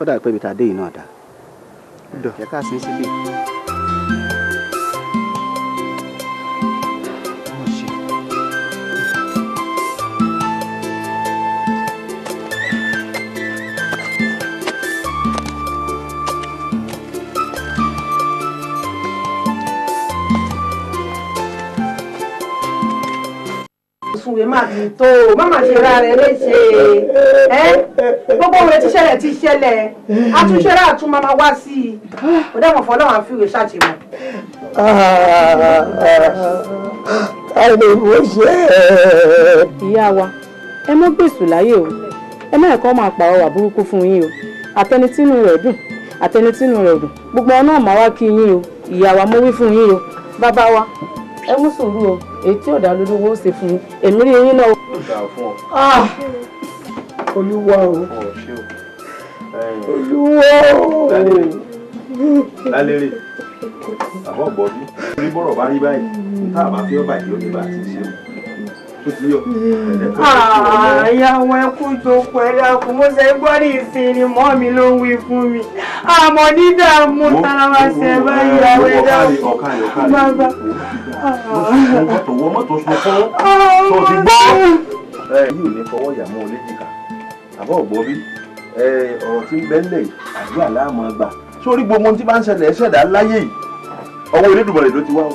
ó dàbí pé ibi tá a dé yìí náà dá. ẹ ká sin síbí. ìwé máa ti tó o má máa ṣe ra rẹ léṣe ẹ gbogbo òwe ti ṣẹlẹ̀ ti ṣẹlẹ̀ àtúnṣe rẹ àtún máa wá sí i kò dẹ́mọ̀ fọ́ lọ́wọ́ àfi ìwé ṣàṣemọ̀. àìlèwò ṣe é. Ah, ìyá wa ẹ mọ́ gbèsù láyé o ẹ má ẹ̀kọ́ máa pàrọwà burúkú fún yín o àtẹni tínú rẹ̀ dùn àtẹni tínú rẹ̀ dùn gbogbo ọ náà máa wá kí yín o ìyá wa mo wí fún yín o bàbá wa ẹ mú sùúrù o ètí ọ̀dà lólówó ṣe fún èmi rí eyín náà. Ah! olúwa o olúwa o. lálẹ́ rè bọ̀ bí orí bọ̀rọ̀ bá rí báyìí tá a fi ọ́ bàjẹ́ ó ní bá ti ṣe o àyàwó ẹkú jòkó ẹlẹ́kùn mo ṣe gbọ́ ní ìsinmi mọ́ mi ló ń wí fún mi àmọ́ nígbà mo tara wa ṣe báyìí àwọn ẹ̀dá bàbá. mọ́tò wọ mọ́tò sọ fún tó ti gbọ́. yìí ò ní fọwọ́ ìyàmú oléjìká àbọ̀ ọ̀gbọ́ bí ọ̀rọ̀ tí ń bẹ́ńlẹ̀ àdúrà láàmú àgbà sórí gbogbo ohun tí bá ń ṣẹlẹ̀ ẹ̀ṣẹ̀dá láyé yìí ọwọ́ Elédùmarè ló ti wá o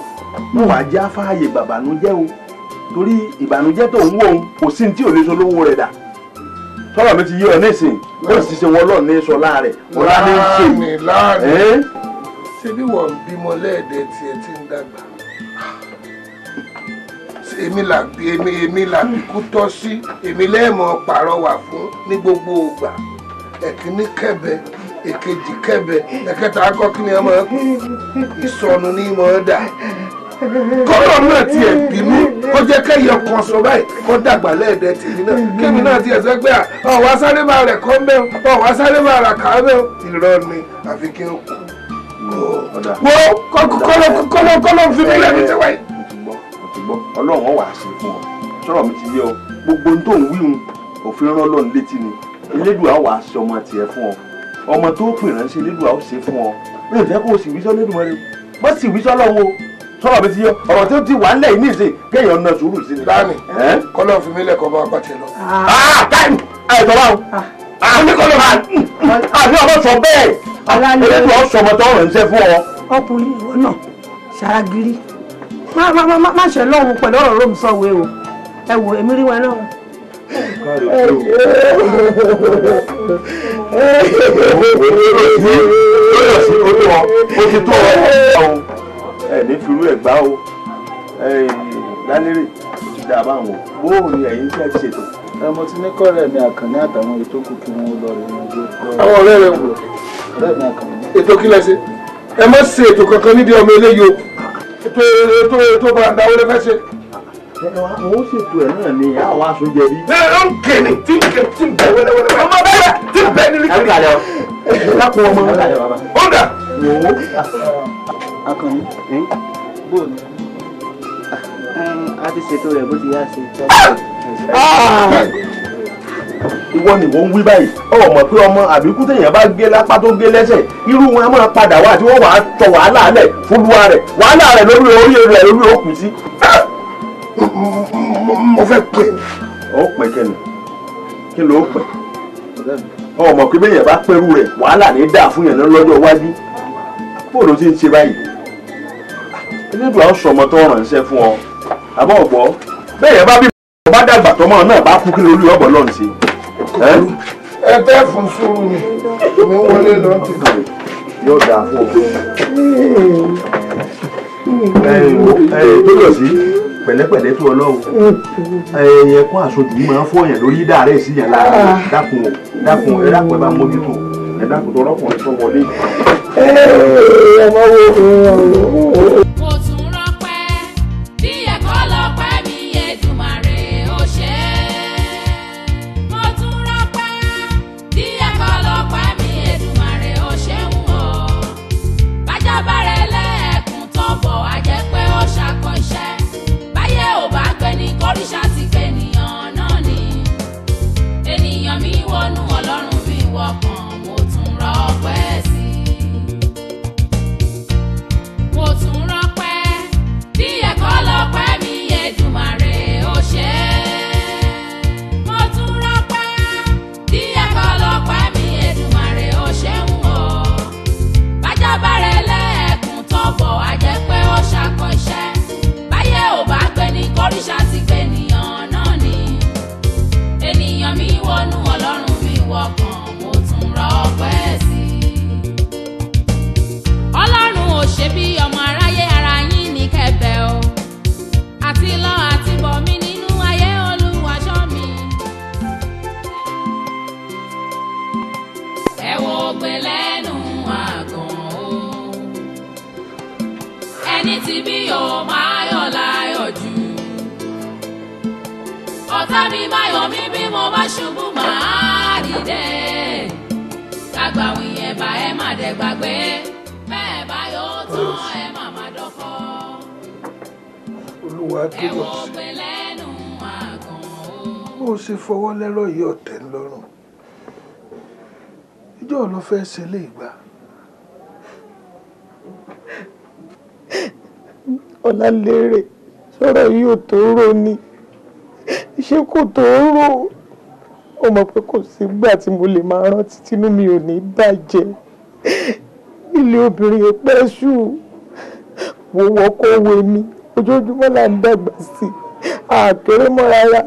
wọ́n wàá jẹ́ àfáàyè bàbá nu jẹ́ o torí ìbànújẹ́ tó ń wò ó kò sí ní tí ò rẹ̀ dà tọ́lọ̀ mi ti yé ọ nísìn ó sì ṣe wọn lọ́ọ̀ ní sọlá rẹ̀ ọlá ní ṣe yìí. ṣebí wọ́n ń bímọ lẹ́ẹ̀dẹ̀ tiẹ̀ tí ń dàgbà èmi làbí èmi èmi làbí kú tọ́ sí èmi lẹ́ẹ̀mọ́ pàrọwà fún ní gbogbo ògbà ẹ̀kíní kẹ̀bẹ èkejì kẹ̀bẹ ẹ̀kẹta akọ́kíní ọmọ ìsọnù ní mọ̀ ọ́ dà kọ́lọ̀ náà tiẹ̀ bínú kó jẹ́ kẹ́yọ kan sọ báyìí kó dàgbà lẹ́ẹ̀dẹ́ tèmi náà kémi náà tiẹ̀ sọ pé ọ̀wá sáré máa rẹ̀ kọ́ mẹ́rin ọ̀wá sáré máa rà ká mẹ́rin irọ́ ni àfi kí n kú. wo kọ́lọ̀ kọ́lọ̀ kọ́lọ̀ fi mí lẹ́nu tí wáyé. ọlọ́run wà á ṣe fún ọ sọ̀rọ̀ mi ti yé ọ gbogbo ohun tó ń wí hun òfin rán ọlọ́run létí ni elédùà wà á ṣe ọmọ tiẹ̀ fún ọ ọmọ tó pè ránṣẹ́ elédùà ó ṣe fún ọ mi ò fẹ́ kó o sì wí sọ́ lédùmọ́ rẹ bó sì wí sọ́ lọ́wọ́ sọ̀rọ̀ mi ti yọ ọ̀rọ̀ tó ti wà nílẹ̀ yìí nìsín kéèyàn na sùúrù sí ni. báàmì kọ́lọ́ fi mí lẹ́kọ̀ọ́ bá pàtẹ lọ. táìmù ẹ̀tọ́ báwo àmì kọ́lọ́ àmì ọmọ sọ bẹ́ẹ̀ eléyìí ọ̀ sọmọ tó rẹ̀ ń sẹ́ fún ọ. ọkùnrin ìwọ náà ṣàràgìrì má ṣe lọ́hùn pẹ̀lú ọ̀rọ̀ rome sọ̀wé o ẹ wò èmi rí wọn náà. ó ti tó ọ ẹ ní firú ẹ̀ gbá o lálérè ti dá báwọn o bóò ni ẹ̀yin fẹ́ ṣètò. ẹ mo ti ní kọ́rẹ́ mi àkànní àtàwọn ètò kù kí wọ́n lọ rẹ̀ yanjú. àwọn ọ̀rẹ́ rẹ̀ wò ọ̀rẹ́ mi àkànní. ètò kí lẹ ṣe ẹ má ṣe ètò kankan níbi ọmọ eléyìí o ètò ètò ètò bàǹdáwó lẹ fẹ́ ṣe mo ṣètò ẹ̀ náà ni àwọn aṣojú ẹbí. ẹ ẹ ń kèlè tí ń kèlè tí ń bẹ wẹlẹwẹlẹ. ọmọ bẹ́ẹ̀ tí ń bẹ nílùú kèlè. ẹ kàlẹ́ ọ. ẹ kàkùn ọmọ. ó akànnì bó ni ah, a ti ṣètò rẹ̀ bó ti yá sí. Ah! ìwọ ni wọ́n ń wí báyìí ọ̀rọ̀ mọ̀ pé ọmọ àbíkú téèyàn bá gbé lápá tó gbé lẹ́sẹ̀ irú wọn máa padà wá àti wọ́n wàá tọ wàhálà rẹ̀ fúlùwà rẹ̀ wàhálà rẹ̀ lórí orí rẹ̀ lórí òkú sí. mo fẹ́ pè. ó pè kẹ́ni kí ló pè ọmọ pé bẹ́ẹ̀ yẹn bá pẹ́rù rẹ̀ wàhálà ní dáa fún yẹn lọ́jọ́ iwájú bóòlù ti ń ṣe báyìí elédùn àwọn sọmọ tó ránṣẹ́ fún ọ àmọ́ ọ̀gbọ́ bẹ́ẹ̀ yẹn bá bí bá dàgbà tọmọ náà bá kú kí ló lù ọ̀bọ̀ lọ́n ṣe. ẹ bẹ́ẹ̀ fún sùúrù mi mi wọlé lọ ti kàn. yóò dáa fún ọ. tóyọ̀ sí pẹ̀lẹ́pẹ̀lẹ́ tó ọlọ́run ẹ̀yẹ kún àṣojú máa ń fọyàn lórí dàrẹ́ sí yàn ah. dákun dákun dákun ẹ̀ bá mójútó ẹ dákun tó rọ́kùnrin tó ẹ ẹ ọmọ wo. pé lẹ́nu àgàn o. ẹni tí bí o máa yọ̀ láyọ̀ jù. ọ̀tá mi máa yọ̀ mí bí mo bá ṣubú máa dìde. kágbà wìyẹn bá ẹ má dẹ̀ gbàgbé bẹ́ẹ̀ bá yọ̀ tán ẹ má má dọ́kọ́. olúwa kí ló ṣe bó ṣe fọwọ́ lẹ́rọ̀ yìí ọ̀tẹ̀ ǹjọ́ ló fẹ́ ṣe lè gbà. ọ̀làlérè sọ̀rọ̀ yìí ò tó rò ni ṣé kò tó rò ó mọ̀ pé kò sígbà tí mo lè máa rántí tínú mi ò ní bàjẹ́ ilé obìnrin pẹ́ ṣù wò wọ́kọ̀ wé mi ojoojúmọ́ là ń dàgbà sí àkéré mọ́ rárá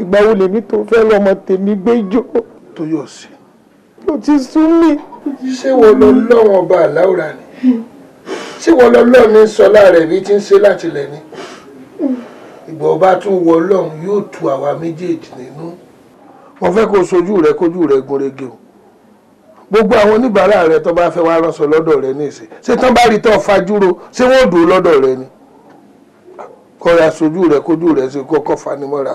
ìgbà wo lèmi tó fẹ́ lọ́mọ tèmi gbé jọ. tó yọ̀ sí ló ti sún mí. ṣé wọ́n lọ lọ́wọ́n ọba àláwùrà ni ṣé wọ́n lọ lọ́ọ̀ ní sọlá rẹ̀ bí ti ń ṣe látìlẹ̀ ni ìgbà ọba tún wọ ọlọ́run yóò tu àwa méjèèjì nínú. mo fẹ́ kó sojú rẹ kójú rẹ gúnrégé o gbogbo àwọn oníbàárà rẹ tó bá fẹ́ wá ránṣọ lọ́dọ̀ rẹ ní ìsìn ṣé tán bá rí tán fajúro ṣé wọ́n dùn lọ́dọ̀ rẹ ni kọ́ra sojú rẹ kójú rẹ ṣe kọ́kọ́ fanimọ́ra.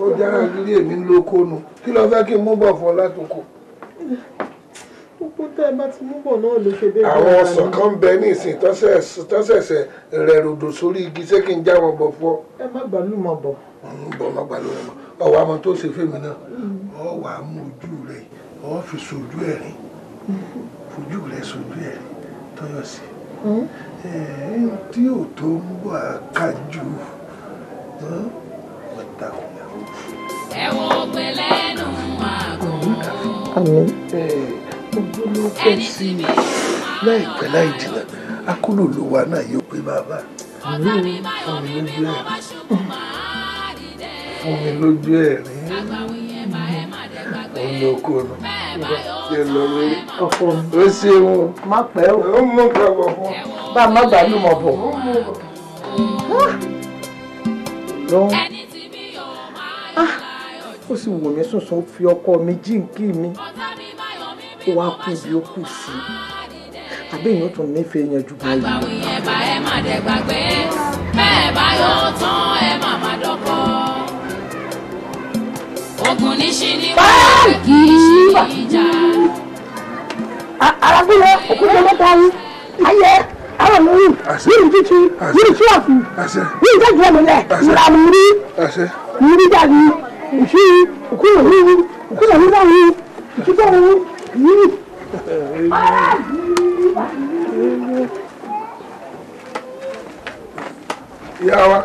ó dára lórí èmi ń lókónú kí ló fẹ́ kí n mú bọ̀ fún ọ látòkò. púpọ̀ tẹ́ ẹ bá ti mú bọ̀ náà ló ṣe déédéé. àwọn ọsàn kan bẹ ní ìsìn tọ́sẹ̀sẹ̀ rẹ̀ ròdò sórí igi ṣé kí n já wọn bọ̀ fún ọ. ẹ má gbàlú mọ̀ bọ̀. bọ̀ má gbàlú mọ̀ ọwọ́ àmọ́ tó ṣe fèmí náà ọ mm. wà á mú ojú rẹ̀ ọ fi sojú ẹ̀rín fojú rẹ̀ sojú ẹ̀rín tọ́yọ̀ sí mm. tí ò tó ń bọ̀ kájú ọ̀tàkùn mi ojú ló pẹ́ sí i láìpẹ́ láì jìnnà akóló ló wà náà yóò pé bàbá fún mi lójú ẹ̀ fún mi lójú ẹ̀ rí olóko nù ṣe lọ lórí ó ṣeun má pẹ́ o ó mú pẹ̀lú fún bá a má gbàdúrà mọ̀ bọ̀ lọ́wọ́ ó sì wò mí sùn sùn ó fi ọkọ mi jíǹkí mi ó wá kú bí ó kù sí àbí èèyàn tún nífẹ̀ẹ́ yẹn jù báyìí. àgbàwìn yẹn bá ẹ má dẹ gbàgbé bẹ́ẹ̀ bá yọ tán ẹ má má dọ́kọ̀. ogun ní ni wọ́n kì í ṣí ìjà. arábìnrin òkúta mẹ́ta yìí ayé àwọn mi yìí ní títí yìí ní tíwọ̀fù yìí ní tẹ̀jú ọmọlẹ̀ ìlànà mi rí mi rí jáde òṣì òkú òwú òkú òwú báwo òkú báwo yìí. ìyá wa.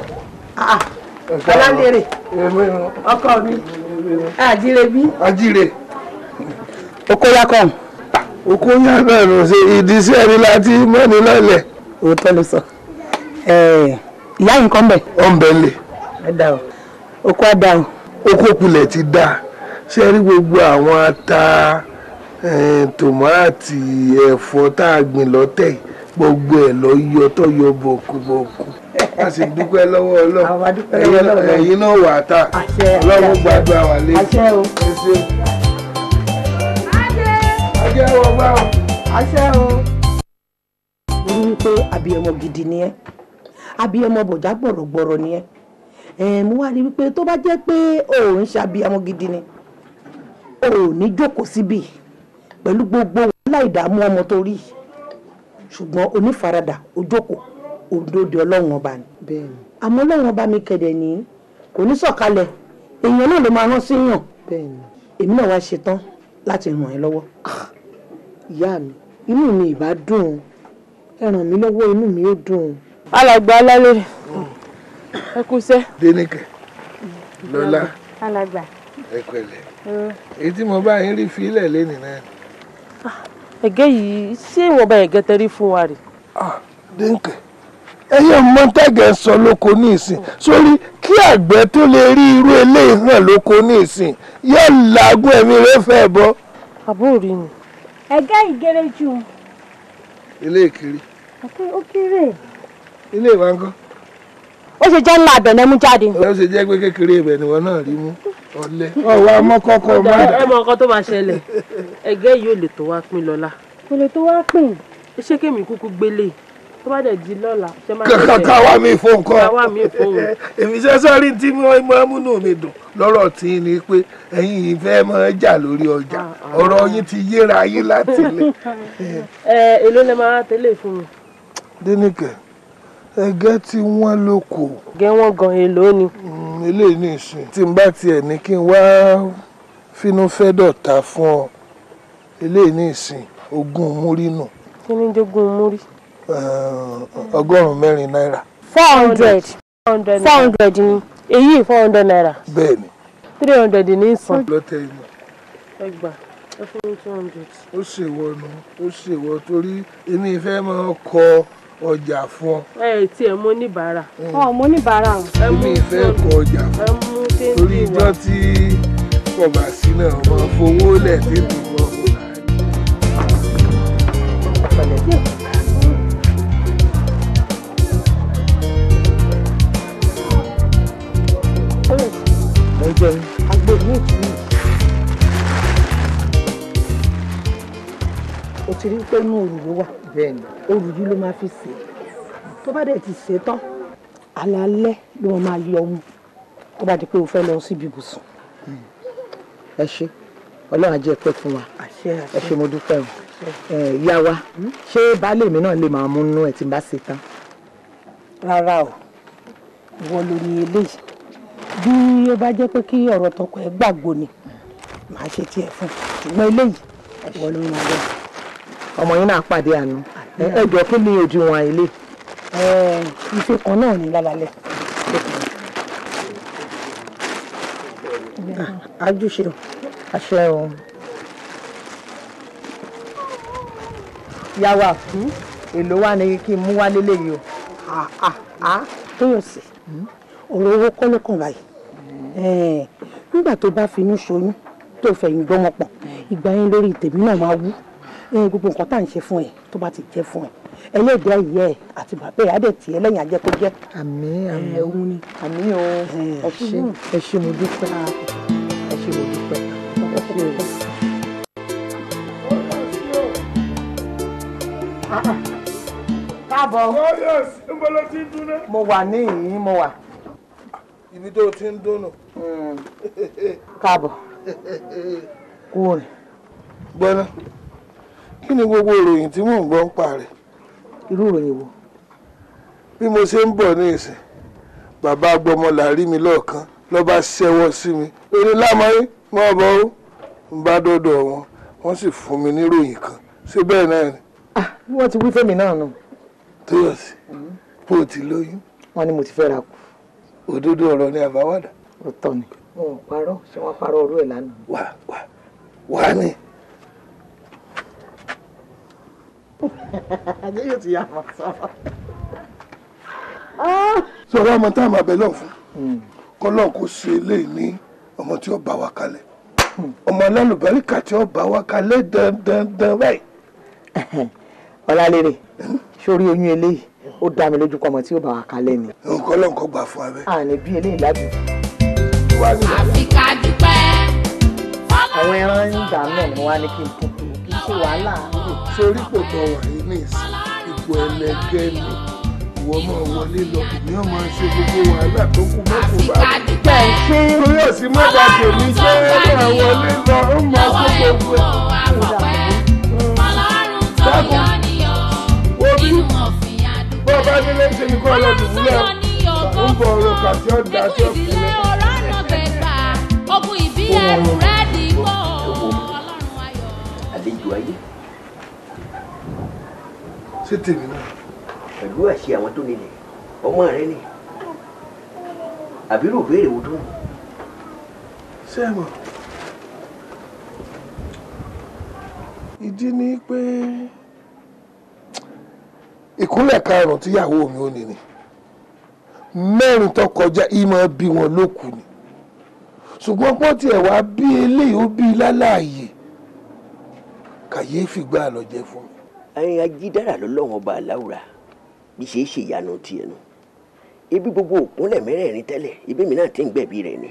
ọlálérè ọkọ mi àjíire bí. àjíire. oko ya kọ́ oko ya náà ló ṣe ìdí sí ẹni láti mẹ́ni lọ́lẹ̀. òótọ́ ló sọ ìyá yìí kọ́ ń bẹ̀. ọ̀ ń bẹ̀ lè. ẹ dà o oko á dà o okókulẹ̀ ti dá ṣe rí gbogbo àwọn ata eh, tòmátì ẹ̀fọ́ tá a gbìn lọ́tẹ̀ gbogbo ẹ̀ lọ yọ tó yọ bòkúbòkú a sì dúpẹ́ lọ́wọ́ Ọlọ́run ẹ̀yin náà wà á tà Ọlọ́run gbàdúrà wà lé ẹsẹ̀ ajẹ́ wọ o. àṣẹ o. mo rí i abiyamọ gidi ni ẹ abiyamọ bọjá gbọrọgbọrọ ni ẹ mo wá rí wípé tó bá jẹ́ pé o ò ń ṣàbíyamọ gidi ni o ò ní jókòó síbì pẹ̀lú gbogbo wàhálà ìdààmú ọmọ tó rí ṣùgbọ́n onífaradà o jókòó òdòdó ọlọ́run ọba ni àmọ́ ọlọ́run ọba mi kẹ̀dẹ̀ ní kò ní sọ̀kalẹ̀ èèyàn náà ló máa rán sí yàn èmi náà wá ṣetán láti ràn ẹ́ lọ́wọ́. ìyá mi inú mi ìbá dùn ẹ ràn mí lọ́wọ́ inú mi ó dùn. alàgbà alálẹ̀. ẹ kú sẹ́. dénìkè lọ́lá alàgbà ẹ pẹ̀lẹ́ èyí tí mo bá yín rí fi ilẹ̀ lẹ́nìí náà. Ah, ẹ̀gẹ́ yìí ṣé ìwọ̀nba ẹ̀gẹ́ tẹ́rí fún wa rè. Ah, dénìkè ẹyẹ mọtẹgẹ sọ lóko ní ìsìn sórí kí àgbẹ̀ tó lè rí irú eléyìí hàn lóko ní ìsìn yóò làágùn ẹ̀mí rẹ̀ fẹ́ bọ́. àbúrò rí ni. ẹ̀gẹ́ ìgẹrẹ jù. ilé ìkiri. ó kéré. ilé ìwà ń ó ṣe jẹ́ ńlá abẹ̀nẹ́ mú jáde. ó ṣe jẹ́ pé kékeré ibẹ̀ ni wọn náà rí mú ọlẹ́. ọwọ́ amọ́kọ́kọ́ máa. ọjà ẹ mọ nǹkan tó máa ṣẹlẹ̀ ẹgẹ́ yìí ò lè tó wá pín lọ́la. kò lè tó wá pín. ṣé kémi kúkú gbélé tó bá dẹ̀ di lọ́la. kàkà káwa mi fò nǹkan. káwa mi fò wò. èmi ṣe sọ́ọ́rí tí wọ́n máa múnú mi dùn lọ́rọ̀ tí ń ni pé ẹ̀yin yìí fẹ́ máa jà lórí ọjà ah, ah. ọ̀rọ̀ yín ti yéra yín láti lẹ̀. ẹ eh, èló ẹgẹ́ tí wọ́n lò kù. ẹgẹ́ wọn gan èlò ni. Mm, eléyìí ní ìsìn tí n bá tiẹ̀ ní kí n wá fínú fẹ́ dọ̀tà fún ọ eléyìí ní ìsìn ogún múrí nù. kí ni jogún múrí. Eh, ọgọ́rùn-ún mẹ́rin náírà. four hundred four hundred ni èyí four hundred naira. bẹ́ẹ̀ni. three hundred ní sàn. lọ́tẹ̀ ẹ fún two hundred. ó ṣèwọ nu ó ṣèwọ torí èmi fẹ́ máa kọ ọjà fún ọ. ẹ tiẹ̀ mo níbàárà. Mm. ọ mo níbàárà o. èmi ìfẹ́ kọ ọjà fún ọ torí ijọ́ tí kò bá sí náà wọ́n fowó lẹ̀ tètè. ti rí pé inú òrù ló wà òrù yìí ló máa fi sè é tó bá dẹ̀ ti sè é tán alaalẹ́ ló máa yọ ohun tó bá di pé o fẹ́ lọ síbi ibùsùn. Hmm. ẹ ṣe ọlọ́run ajẹ́ pẹ́ fún wa ẹ ṣe mo dúpẹ́ o ìyá wa hmm? ṣé baálé mi náà lè máa mú inú ẹ̀ tí n bá ṣe tán. rárá o ìwọ ló ní eléyìí bí ó bá jẹ́ pé kí ọ̀rọ̀ tọkọ ẹ gbàgbọ́ ni màá ṣe tiẹ̀ fún un ṣùgbọ́n eléyìí ìwọ ló ń lọ ọmọ yín náà pàdé àánú ẹjọ kí ni òdiwọ̀n àìlè. ife kan náà ní lálálẹ. àjùṣe àṣẹ o. yàwá èlò wa hmm? ni kí n mú wá lélẹ̀ yìí o. tóyọ̀ sí hmm? ọ̀rọ̀ owó kọ́ ló kàn báyìí nígbà tó bá finú ṣoyún tó fẹ̀yìn gbọ́mọ pọ̀ ìgbà yẹn lórí tèmi náà máa wú gbogbo nǹkan tá à ń ṣe fún ẹ tó bá ti jẹ́ fún ẹ ẹlẹ́dàá ìyá ẹ àti bàbá ẹ adẹ̀ tì ẹ lẹ́yìn ajẹ́ kó jẹ́. àmín àmín òun ni àmín o ẹ ṣé mo dúpẹ́ ah. ẹ ṣé mo dúpẹ́ ẹ ṣé o. káàbọ̀ oh, mo wà ní ìyín mo wà. ibi tó o ti ń dùn nù. Hmm. káàbọ̀ kúrò. gbọ́dọ̀ kí ni gbogbo ìròyìn tí mò ń gbọ́ ń pa rẹ̀. irú ìròyìn wo. bí mo ṣe ń bọ̀ ní ìsìn bàbá agbọmọlà rí mi lọ́ọ̀kan ló bá ṣẹ́wọ́ sí mi eré lámọ́rí mọ́ ọ̀bọ̀ ó ń bá dọ́dọ̀ wọn wọ́n sì fún mi ní ròyìn kan ṣé bẹ́ẹ̀ náà ni. ah bí wọ́n ti wí fẹ́mi náà nù. tó yọ sí mm-hmm. bó o ti lóyún. wọ́n ní mo ti fẹ́ ra kù. òdodo ọ̀rọ̀ ni àbáwádà. òótọ́ ni wọn ò parọ́ ṣé wọ́n parọ́ orú yóò ti yà wọ́n sọ́wọ́. sọ̀rọ̀ ah! ọmọ tá a máa bẹ̀ lọ́ọ̀ fún hmm. kọ́lọ́ọ̀ kó ṣe eléyìí ní ọmọ tí ó bá wa kalẹ̀ ọmọ alálùbáríkà tí ó bá wa kalẹ̀ dandandan báyìí. ọ̀làlérè sórí hmm? oyún eléyìí ó dá mi lójú pọmọ tí ó bá wa kalẹ̀ ni. nǹkan lọ́nkọ́ gbà fún abẹ́. àní bí eléyìí lábẹ́. àfi àwọn ẹran ń dà náà ni wọ́n ní kí n kúkú kí n ṣe wàhálà sórí kò tọ wà yìí ní ìsìn ipò ẹlẹgẹ́ ni ìwọ máa wọlé lọ ìní ọmọ ṣe gbogbo wàhálà tó kú mọ́kù bá mi. ṣé orí òsì mọ́ta tèmi ṣé máa wọlé lọ ó máa kó gbogbo dákun omi bó bá nílé ṣe ní kó ọlọ́dún nílẹ̀ ń bọ̀ ọ̀rọ̀ kàtí ọ̀dà tí ó fi lẹ́. ogun ìbílẹ̀ rẹ̀ dìgbò ọlọ́run ayọ̀. àlejò ayé ṣé tèmi náà. pẹ̀lú àṣẹ àwọn tó nílẹ̀ ọmọ rẹ ni àbírò béèrè wo tó ń. ṣé ẹ mọ̀ ìdí ni pé ìkúnlẹ̀ karùn-ún tíyàwó mi ò ní ni mẹ́rin tó kọjá ìmọ̀ bí wọn ló kù ni ṣùgbọ́n pọ́n tiẹ̀ wá bí eléyìí ó bí lálàyé kàyéfì gbà lọ jẹ fún mi ẹyin ajídára lọ́lọ́run ọba aláwùrà bí ṣe é ṣe ìyanu tiẹ̀ nu ibi gbogbo òpónlẹ̀ mẹ́rẹ̀ẹ̀rin tẹ́lẹ̀ ibi mi náà ti ń gbẹ̀bí rẹ̀ ni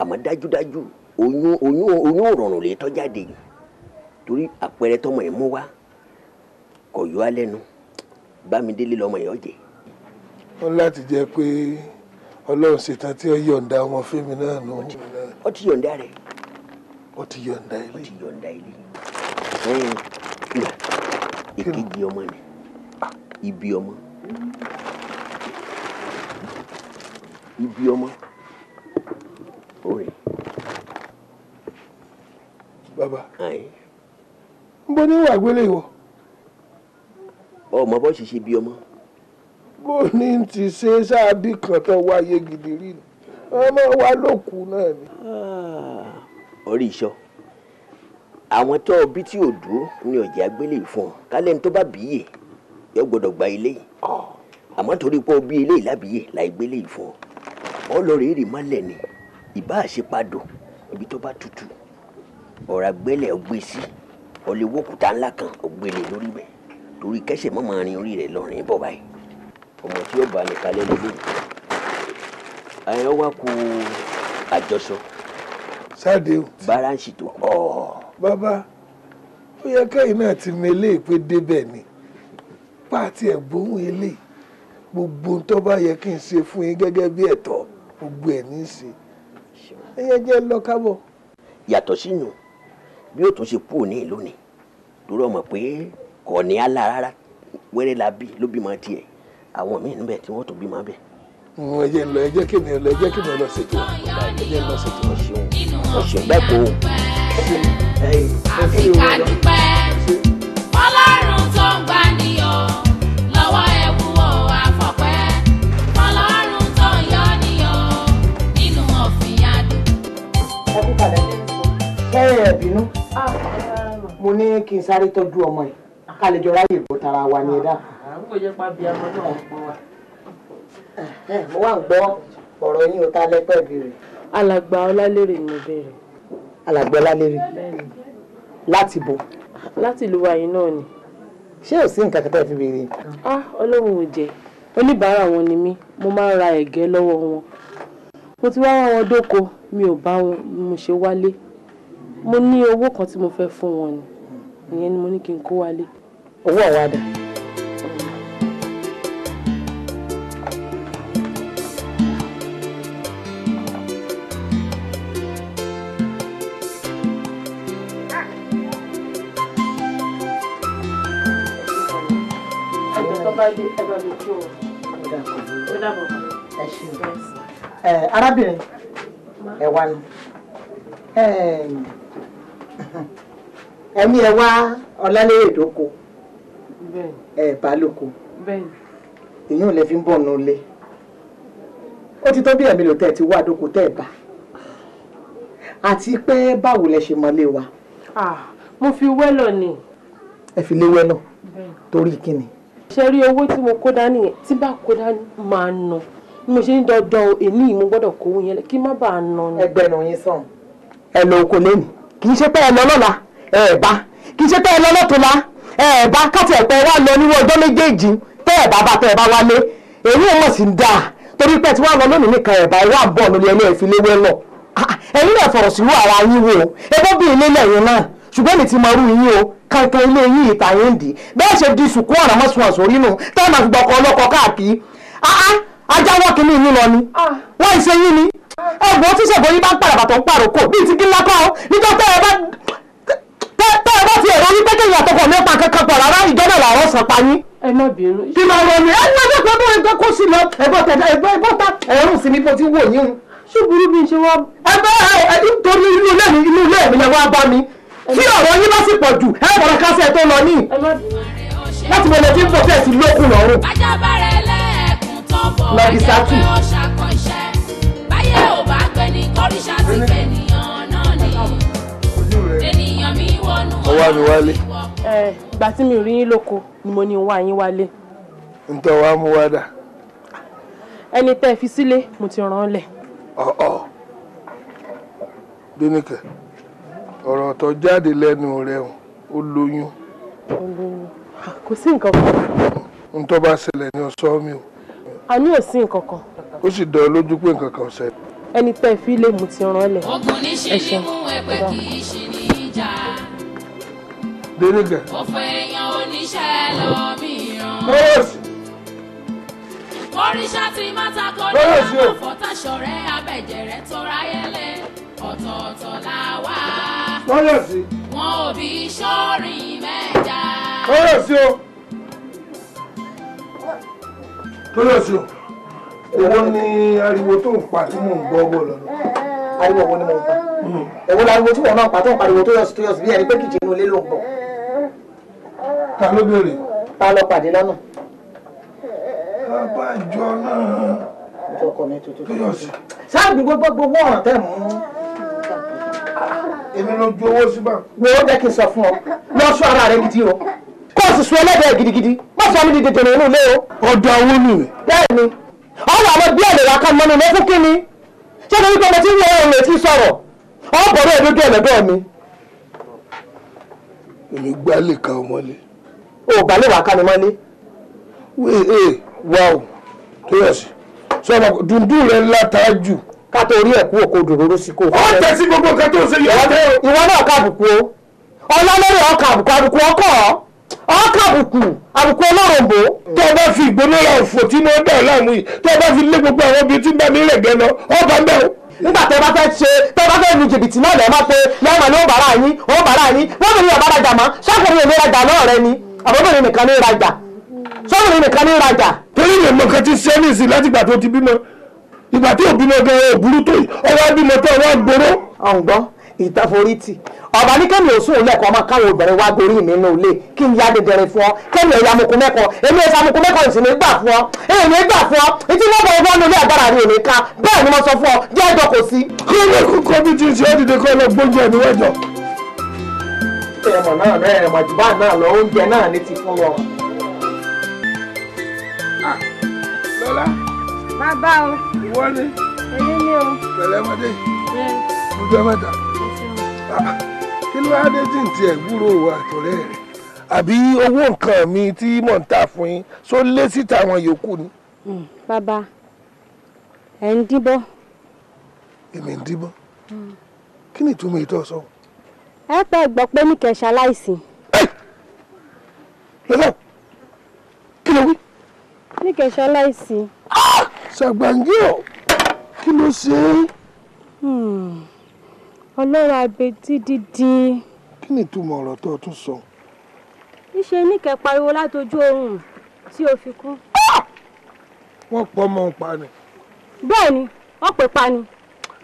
àmọ́ dájúdájú oyún oyún oyún òrọ̀rùn lè tọ́jáde yìí torí àpẹẹrẹ tọmọ ẹ̀ mú wá kò yọ alẹ́nu bámidélé lọmọ ẹ̀ ọ̀jẹ̀. wọ́n láti jẹ́ pé ọlọ́run ṣetán tí ó yọ̀ǹda ọmọ fẹ́mi náà nù. ó ti yọ̀ǹda rẹ̀. ó ti yọ̀ǹda ilé. ó ti yọ̀ǹda ilé èkejì ọmọ ni ah, ibi ọmọ ibi ọmọ òrè. bàbá n bọ ní wàá gbélé ìwọ. ọmọ bó ṣe ṣe bí ọmọ. bó ní ti ṣe sáàbì kan tó wáyé gidi rí ni ọmọ wa ló kú náà ni. orí iṣọ́ àwọn tó o bí tí ò dúró ni ọ̀jẹ̀ agbélé fún ọ kálẹ̀ ní tó bá bíyè yóò gbọ́dọ̀ gba ilé àmọ́ torí pé o bí ilé ìlàbíyè láì gbélé fún ọ ọ lọ rèé rè mọ́lẹ̀ ni ìbá àṣepadò ibi tó bá tutù ọ̀rá gbélé ọgbẹ́ sí ọ lè wókùtà ńlá kan ọgbélé lórí bẹ́ẹ̀ torí kẹ́sẹ̀ mọ́ máa rin orí rẹ̀ lọ́rin bọ̀ báyìí ọmọ tí ó bá nìkan lẹ́nu lé ẹ̀ wá ku àjọsọ. sáà dé o. bára ń ṣètò. ọ̀ọ́ bàbá ó yẹ kẹ́yìn náà ti mọ eléyìí pé débẹ̀ ni pààtì ẹ̀gbóhùn eléyìí gbogbo tó bá yẹ kí n ṣe fún yín gẹ́gẹ́ bí ẹ̀tọ́ gbogbo ẹ̀ ní í ṣe ẹyẹ jẹ́ lọ kábọ̀. yàtọ̀ síyùn bí yóò tún ṣe kú òní lónìí torí ọmọ pé kò ní àlà rárá wẹ́rẹ́ la bí ló bímọ tiẹ̀ àwọn míì níbẹ̀ tí wọ́n tún bímọ bẹ́ẹ̀. Mm, ẹ jẹ́ lọ ẹ jẹ́ kí ni ẹ jẹ́ kí ni lọ ṣètò ẹ jẹ́ lọ ṣètò. ọ̀sìn ọ̀sìn gbẹ́kọ̀ọ́ àfi ká dúpẹ́ fọlọ́run tó ń gbà níyọ̀ lọ́wọ́ ẹ̀wù ọ̀ àfọ̀pẹ́ fọlọ́run tó ń yọ níyọ̀ nínú ọ̀fìn adùn. ẹ kú padà ṣé ẹ bínú mo ní kí n sáré tọ́jú ọmọ yìí ká lè jọ ráyè gbọ́ tara wa ní ẹ̀dá. àwọn kò jẹ́ pa bí ọmọ mo wà ń gbọ́ ọ̀rọ̀ yín o ta lẹ́pẹ́ bèrè. alàgbà ọlálérè mo bèrè alàgbẹ́lá lérí láti bo. láti ìlú wa yìí náà ni. ṣé ò sí nǹkan kan tẹ́ fi béèrè. ah ọlọ́run ò jẹ́ oníbàárà wọn ni mí mo máa ń ra ẹ̀gẹ́ lọ́wọ́ wọn mo ti wá wá wọn dóko mi ò bá wọn ni mo ṣe wálé mo ní owó kan tí mo fẹ́ fún wọn ni ìyẹn ni mo ní kí n kó wálé. owó ọ̀wá dà. bá dé ẹ bá mi kí o. ó dàbọ̀ ẹ ṣe ẹ arábìnrin ẹ wá ní ẹmí ẹ wá ọlálẹ́yẹ̀ dóko ẹ bá lóko èyí ò lè fi ń bọ̀ nù lé ó ti tó bí ẹ̀mí lò tẹ́ ẹ ti wá dóko tẹ́ ẹ bá àti pé báwo lẹ ṣe mọlé wa. Ah, mo fi wẹ́lọ̀ ni. ẹ fi lé wẹ́lọ̀ torí kíni ṣe rí owó tí mo kó dání yẹn tí bá kó dání máa nà bí mo ṣe ní dandan èmi yìí mo gbọ́dọ̀ kó owó yẹn kí má bàa nà ni. ẹgbẹ̀rún yín sàn. ẹ lọ oko lẹ́nu kì í ṣe pé ẹ lọ lọ́la ẹ bá kì í ṣe pé ẹ lọ lọ́tùnla ẹ bá káti ẹ̀pẹ́ wá lọ nínú ọjọ́ méjèèjì tẹ́ ẹ̀ bá bá tẹ́ ẹ bá wálé èyí ò mọ̀ sí dáa torí pé tí wọ́n lọ lónìí nìkan ẹ̀ bá wà bọ̀ lórí ẹni ẹ̀ fi léwé lọ ah, ah, ẹ̀yin náà fọ̀rọ̀ sí wàrà yín wò ẹgbẹ́ bíi ilé lẹ́yìn náà ṣùgbọ́n ní ti mọ irú yín o kankan ah. ah. ilé yìí ìtàyéǹdì bẹ́ẹ̀ ṣe di sùkú ọ̀ràn mọ́sùwọ̀n na nù tẹ́ máa fi gbọ́kọ̀ ọlọ́kọ̀ káàkiri ajáwọ́ kìíní yín lọ ni wọ́n se yín ni ẹ̀gbọ́n tí ṣègbè yín bá ń pàràbà tó ti gíńlá kọ́ bá tẹ́ nípa kankan pọ̀ rárá pa yín. ẹ kí ni tí ọ̀rọ̀ yín bá sì pọ̀ jù ẹ bọ̀rọ̀ kásẹ̀ tó lọ ní láti mọ̀ lẹ́tí ń bọ̀ tẹ̀sí lókun lọ́rùn. ajábàárẹ̀ lẹ́ẹ̀kún tán bọ̀ ọjà pé ó ṣàkọṣẹ́ báyé ò bá gbẹ ní kọ́ríṣà ti gbẹ ènìyàn náà ni ènìyàn mi wọnú ọ̀rọ̀ mi wálé. ẹ ìgbà tí mi ò rí yín lóko ni mo ní wá yín wálé. n tọ́ wa mú wá dà. ẹni tẹ́ ẹ fi sílé mo ti ràn án lẹ̀. ọ̀ ọ̀ dénìkẹ́ ọ̀rọ̀ tó jáde lẹ́nu rẹ̀ ó lóyún. ó kò sí nǹkan kan. n tó bá ṣẹlẹ̀ ni ọ̀sọ́ mi o. a ní òsín nǹkan kan. ó sì dán lójú pé nǹkan kan ṣẹlẹ̀. ẹni tẹ́ fi lè mú ti ràn lẹ̀. ogun ṣe ni mú ẹgbẹ́ kì í ṣe ní ìjà. dénìgà. mo fẹ́ yan oníṣẹ́ lọ mìíràn. bọ́ọ̀sì. oríṣà ti má ta kọ́ ní àwọn fọ́tàṣọ̀rẹ́ abẹ́jẹ̀rẹ́ tó ráyẹ́lẹ̀ ọ̀tọ̀ọ̀tọ̀ làwa kábíyèsí. wọn ò bí sọ́ọ̀rì mẹ́ta. kábíyèsí o. kábíyèsí o. èwo ni ariwo tó ń pa tí mò ń gbọ́ ọwọ́ lọ. ariwo wo ni mo ń pa. èwo lariwo tí wọn náà pa tó ń pariwo tó yọ̀sí tó yọ̀sí bí ẹni pé kìjì inú ilé ló ń bọ̀. ta ló béèrè. ta ló pàdé lánàá. abájọ náà. ọjọ́ kọ mi tuntun. tó yọ̀sí. sáà gbogbo gbogbo wọ́n ọ̀rọ̀ tẹ̀ mú èmi ló ju owó síbà. wo ó jẹ́ kí n sọ fún ọ lọ sọ ara rẹ gidi o kó o sì sun ẹlẹ́dẹ̀ gidigidi má sọ mi di dèdè nínú ilé o. ọ̀dọ̀ àwọn nìyẹn. bẹ́ẹ̀ni ọ̀rọ̀ àwọn bí ẹ̀rẹ̀ wa kan mọ́nu lọ́fún kí ni ṣé torí pé mo ti ń yẹ ọ̀rọ̀ ètí sọ̀rọ̀ ọ̀bọ̀rọ̀ èmi dùn ẹ̀lẹ́dọ̀ mi. èmi gbá lè ka ọ mọ́lé. o ò gbá lè wà ká ni mọ́lé. wíì ẹ wà ó tó yẹ sí sọ ma dundun rẹ ńlá kátó orí ẹ̀kú òkò dòdòdó sí kò. ó tẹ̀sí gbogbo nǹkan tó ń ṣe yọ̀ọ́ dé o. ìwọ náà kàbùkù o ọlọ́lọ́rẹ̀ ọkà àbùkù àbùkù ọkọ̀ ọkà àbùkù àbùkù ọlọ́rọ̀bó. tó o bá fi tí mo láàmú yìí tó o bá fi lé gbogbo àwọn obìnrin tí ń bá mi rẹ̀ gẹ́ ọba ń bẹ̀ o. nígbà bá fẹ́ ṣe bá fẹ́ lu jìbìtì náà ìgbà tí òbí náà gan òbúrú tó yìí ọwọ́ bímọ tó ọwọ́ gbóró. ọ̀ǹgbọ́n ìtàforítì ọ̀bà ní kẹ́mi òsùn lẹ́kọ̀ọ́ máa káwọn obìnrin wá gorí mi nínú ilé kí n yá dedere fún ọ kẹ́mi ẹ̀yà amukun mẹ́kọ̀ọ́ èmi ẹ̀sà amukun mẹ́kọ̀ọ́ ìsìn nígbà fún ọ èyí nígbà fún ọ etí lọ́bà ẹ̀fọ́ nínú ilé agbára rí èmi ká bẹ́ẹ̀ ni mo sọ fún ọ jẹ́ ẹ̀jọ̀ kò sí. kí ló bí ti ṣe é dìde kọ́ lọ gbójú ẹ̀ níwájọ. ẹ̀mọ̀ náà náà ẹ̀mọ̀ jùbá náà lọ oúnjẹ má bá o. ìwọ ni. èmi ni o. pẹ̀lẹ́ ọmọdé. mo jẹ́ mẹ́ta. Ah, kí ló wá dé tí n tiẹ̀ gbúrò àtọ̀rẹ́ rẹ̀ àbí owó nǹkan mi tí mò ń tà fún yín só lé síta àwọn yòókù ni. Hmm, bàbá ẹ̀ ń díbọ́. èmi ń díbọ́ hmm. kí ni ìtumọ̀ ìtọ́ sọ. ẹ pẹ́ gbọ́ pé ní kẹ̀ṣà láìsí. lọ́dọ̀ kí ló wí. ní kẹ̀ṣà láìsí. Ah! ṣàgbàǹgí ọ kí ló ṣe é. Hmm, ọlọ́run abetí dídí. kí ni ìtumọ̀ ọ̀rọ̀ tó o tún sọ. níṣe níkẹ́ pariwo látojú oorun tí o fi kú. wọ́n pọ̀ ọmọ pa ni. bẹ́ẹ̀ ni wọ́n pè pa ni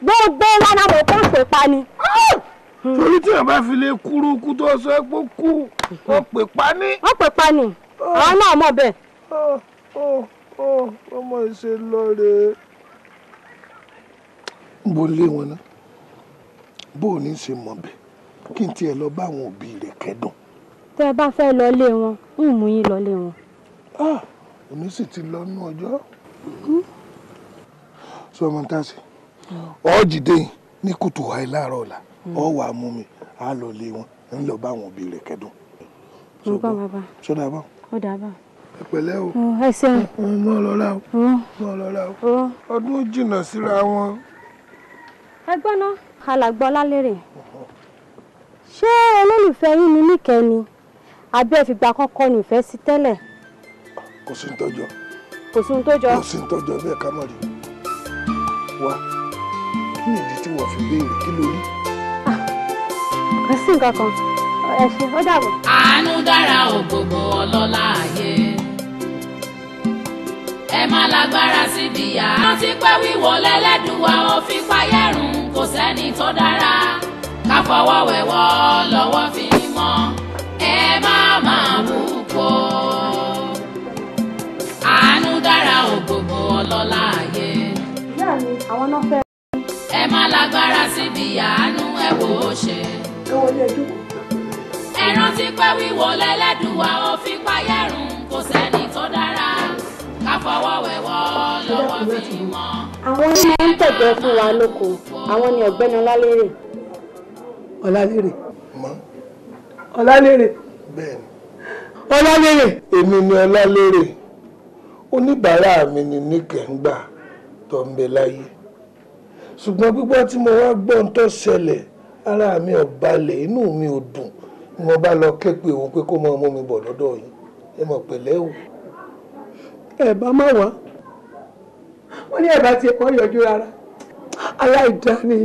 gbogbo lánàá mọ̀ pé pè pa ni. Ah! Hmm. torí tí yàrá fi lè kúrú kú tó sọ ẹ pé kú wọ́n pè pa ni. wọ́n pè pa ah! àwọn náà mọ̀ bẹ́ẹ̀. Ah! ó oh, ọmọ ìṣe lọ́re bó lé wọn ná bó ní ṣe mọ̀ bẹ́ẹ̀ kí n tiẹ̀ lọ bá àwọn òbí rẹ̀ kẹ́dùn. tẹ́ ẹ bá fẹ́ lọ lé wọn ń mú yín lọ lé wọn. èmi ah, sì ti lọ nú ọjọ́ sọ hmm. ọmọ tá a ṣe ọ jìde ní kùtù wáyé láàárọ̀ ọ̀la ọ wà á mú mi á lọ lé wọn ń lọ bá àwọn òbí rẹ̀ kẹ́dùn. mo bá bàbá. sọdá bá. ó dà bá pẹ̀lẹ́ o. ẹ ṣeun. mọ lọ́la o mọ lọ́la o. ọdún ó jìnnà síra wọn. ẹgbọ́n náà alàgbà ọlálérè ṣé olólùfẹ́ yín ni níkẹ́ ni àbí ẹ fìgbà kọ́kọ́ ní ìfẹ́ sí tẹ́lẹ̀. kò sí ní tọ́jọ́. kò sí ní tọ́jọ́. kò sí ní tọ́jọ́ bẹ́ẹ̀ ká mọ̀ rí wa kí nìdí tí wọ́n fi béèrè kí ló rí. Ah, kò sí nǹkan kan ẹ ṣe ó dàbọ̀. àánú dára ògbògbò. alágbára síbi yá. rántí pé wíwọ lẹ́lẹ́dùnwá ó fi payẹ́rùn kò sẹ́ni tó dára ká fọwọ́ wẹ̀wọ́ lọ́wọ́ fi mọ́ ẹ má máa wúkọ. àánú dára ògbógbó ọlọ́lá ayé. ìyá mi àwọn náà fẹ́. ẹ má lágbára síbi àánú ẹ wò ó ṣe. ẹ wọlé ẹjọ́. rántí pé wíwọ lẹ́lẹ́dùnwá ó fi payẹ́rùn kò sẹ́ni àfọwọ́wẹ̀wọ́ lọ́wọ́ fi mọ́. àwọn tí wọ́n ń tẹ̀gbẹ́ fún wa lóko àwọn ni ọ̀gbẹ́ni ọlálérè. ọlálérè. mọ. ọlálérè. bẹ́ẹ̀ni. ọlálérè. èmi ni ọlálérè oníbàárà mi ni níkẹ́ńgbà tó ń bẹ láyé ṣùgbọ́n gbígbọ́ tí mo wá gbọ́ ń tó ṣẹlẹ̀ ara mi ò balẹ̀ inú mi ò dùn mo bá lọ ké pe òun pé kó mọ ọmọ mi bọ̀ lọ́dọ̀ yìí ẹ mọ̀ pẹ̀lẹ́ o ẹ bá má wá wọ́n ní ẹ̀bá tí ẹ kọ́ yọjú rárá aláìdáni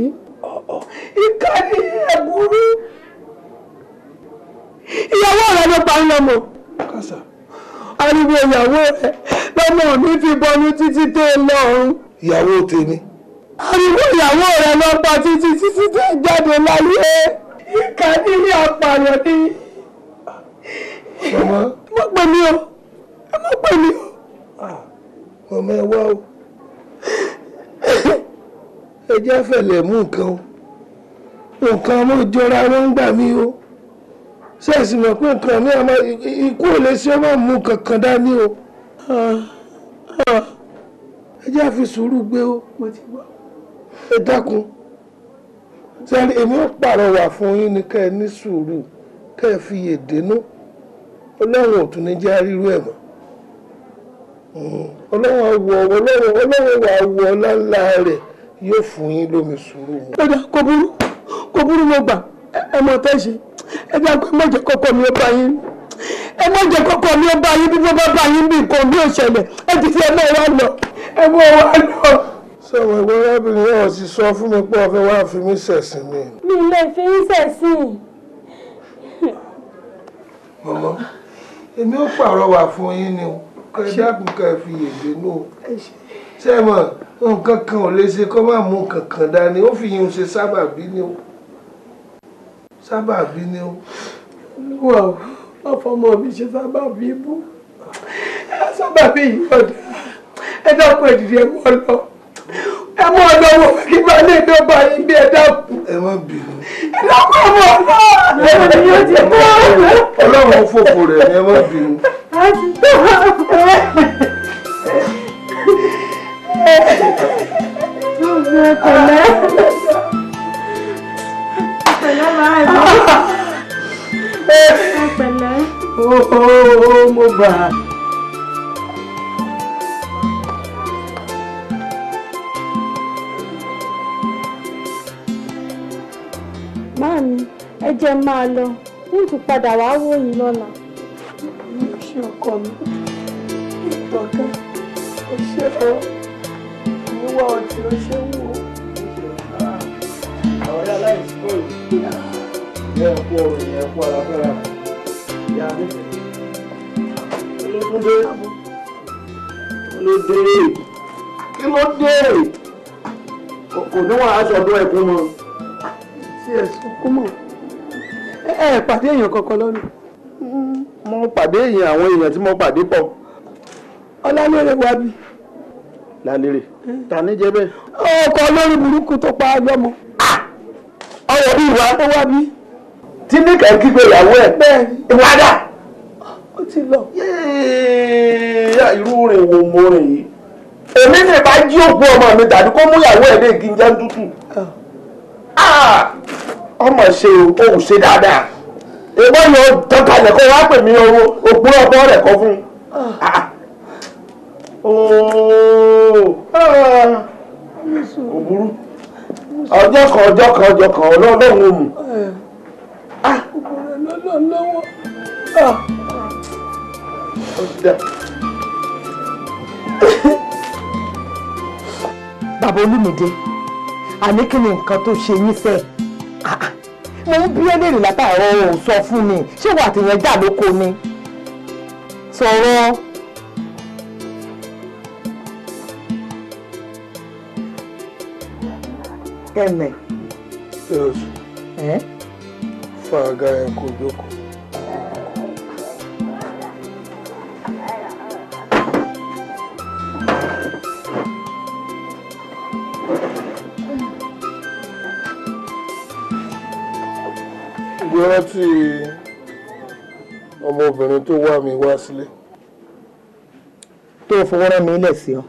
ìka ni ẹ̀bùrú ìyàwó rẹ ló pa ń lọ́mọ ariwo ìyàwó rẹ lọ́mọ mi fi bọnu títí tó lọ́rùn. ìyàwó tèmi. ariwo ìyàwó rẹ ló pa títí títí tó jáde láyé ìka ni ní apààyàn ni. mo pè mí o mo pè mí o. Ah, ọmọ ẹ wá o ẹ jẹ́ fẹ̀lẹ̀ mú nǹkan o nǹkan ọmọ ìjọra ló ń gbà mí o ṣẹ́ẹ̀sì mọ̀ pé nǹkan mi àmọ́ ikú ò lè ṣe ọmọ mú kankan dání o ah, ah. ẹ jẹ́ fi sùúrù gbé o ẹ dákun sẹ́ni èmi ò pàrọwà fún yín ni kẹ́ ẹ ní sùúrù kẹ́ ẹ fi yè dénú ọlọ́run ò tún ní jẹ́ àrírú ẹ̀ mọ́ ọlọ́run àwọ̀ ọlọ́run ọlọ́run àwọ̀ ọláńlá rẹ̀ yóò fún yín lómi sùúrù. ó dá kó burú kó burú mo gbà ẹ mọ tẹ́ ṣe ẹ dá pé mọ̀jẹ̀ kọ́kọ́ mi ó bá yín ẹ mọ̀jẹ̀ kọ́kọ́ mi ó bá yín bí wọ́n bá bá yín bí nǹkan mi ò ṣẹlẹ̀ ẹ ti fi ẹ mọ́ wa lọ ẹ mọ́ wa lọ. sọ̀rọ̀ ìwọ arábìnrin náà ti sọ fún mi pé ọ̀fẹ́ wàá fi mí ṣẹ̀sìn mi. mi lè fi yín ṣẹ̀sìn. mọ̀mọ́ èmi ò pàrọwà fún yín ni o kẹ dákun kẹ fi èdè nù sẹ́mọ̀ nǹkan kan ò lè ṣe kó má mú nǹkan kan dání ó fi yun ṣe sábàbí ni ó sábàbí ni ó. olúwa ò ọfọmọ mi ṣe sábàbí bú sábàbí yìí ọ̀dà ẹ dákun ẹ̀dìdì ẹ̀ mọ́ lọ ẹ mọ lọ́wọ́ kí bá lè dọ́gba yín bí ẹ dákun. ẹ má bínú. ẹ dákun ẹ mọ ọlọ́run ẹ ní yóò ti mọ. ọlọ́run fòfò rẹ̀ ni ẹ má bínú. pẹ̀lẹ́ pẹ̀lẹ́ máa ń bọ̀ pẹ̀lẹ́. ó ó ó mo gbà. mi ẹ jẹ́ máa lọ ní ìtúpadà wàá wò yín lọ́la. mi ò ṣe ọkọ mi ìtọ́kẹ́ ò ṣe ọ ìwúwà ọtí ó ṣe wù ó. àwọn aláìsí kò yìí ẹ kú ọrùn yẹn kú ara fẹ́ra ìyá mi. olókùn dé olódé kí ló dé kò ní wọn aṣọ ọdún ẹkún mọ sí ẹ̀sùn kú mọ̀ ẹ ẹ pàdé èèyàn kankan lọ́nà. Mm-hmm. mo pàdé èèyàn àwọn èèyàn tí mo pàdé pọ̀. ọlálérè wá bí. lálérè ta ní jẹ́ bẹ́ẹ̀. ọkọ olórí burúkú tó pa agbọ́mọ. ọwọ́ bí ìwà tó wá bí. tí níkà ń kígbe ìyàwó ẹ̀ bẹ́ẹ̀ ìwà dà. ó ti lọ. irú rìn wo mo rìn yìí. èmi ní ìbá jí òkú ọmọ mi tàbí kó mú ìyàwó ẹ̀ dé ìgbìyànjú tútù. Ah. Ah! ọmọ ṣe òun ṣe dáadáa ìgbọ́ ni ó tọ́kalẹ̀ kó wá pè mí owó òpó ọgbọ́ rẹ̀ kọ́ fún ah! ah! òbúrú ọjọ́ kan ọjọ́ kan ọjọ́ kan ọlọ́run ò mú. bàbá olúmídé àní kí ni nǹkan tó ṣe yín sẹ́ ah, ah. mo ń bí ẹlẹ́rìí látàárọ̀ ò sọ fún mi ṣé wà tìyẹn jà lóko ni sọ̀rọ̀ ẹ̀mẹ̀. fàgà ẹ̀ kò jókòó. gbogbo rántí ọmọbìnrin tó wá mi wá sílé. tó fowó rán mi lẹ̀ sí ọ.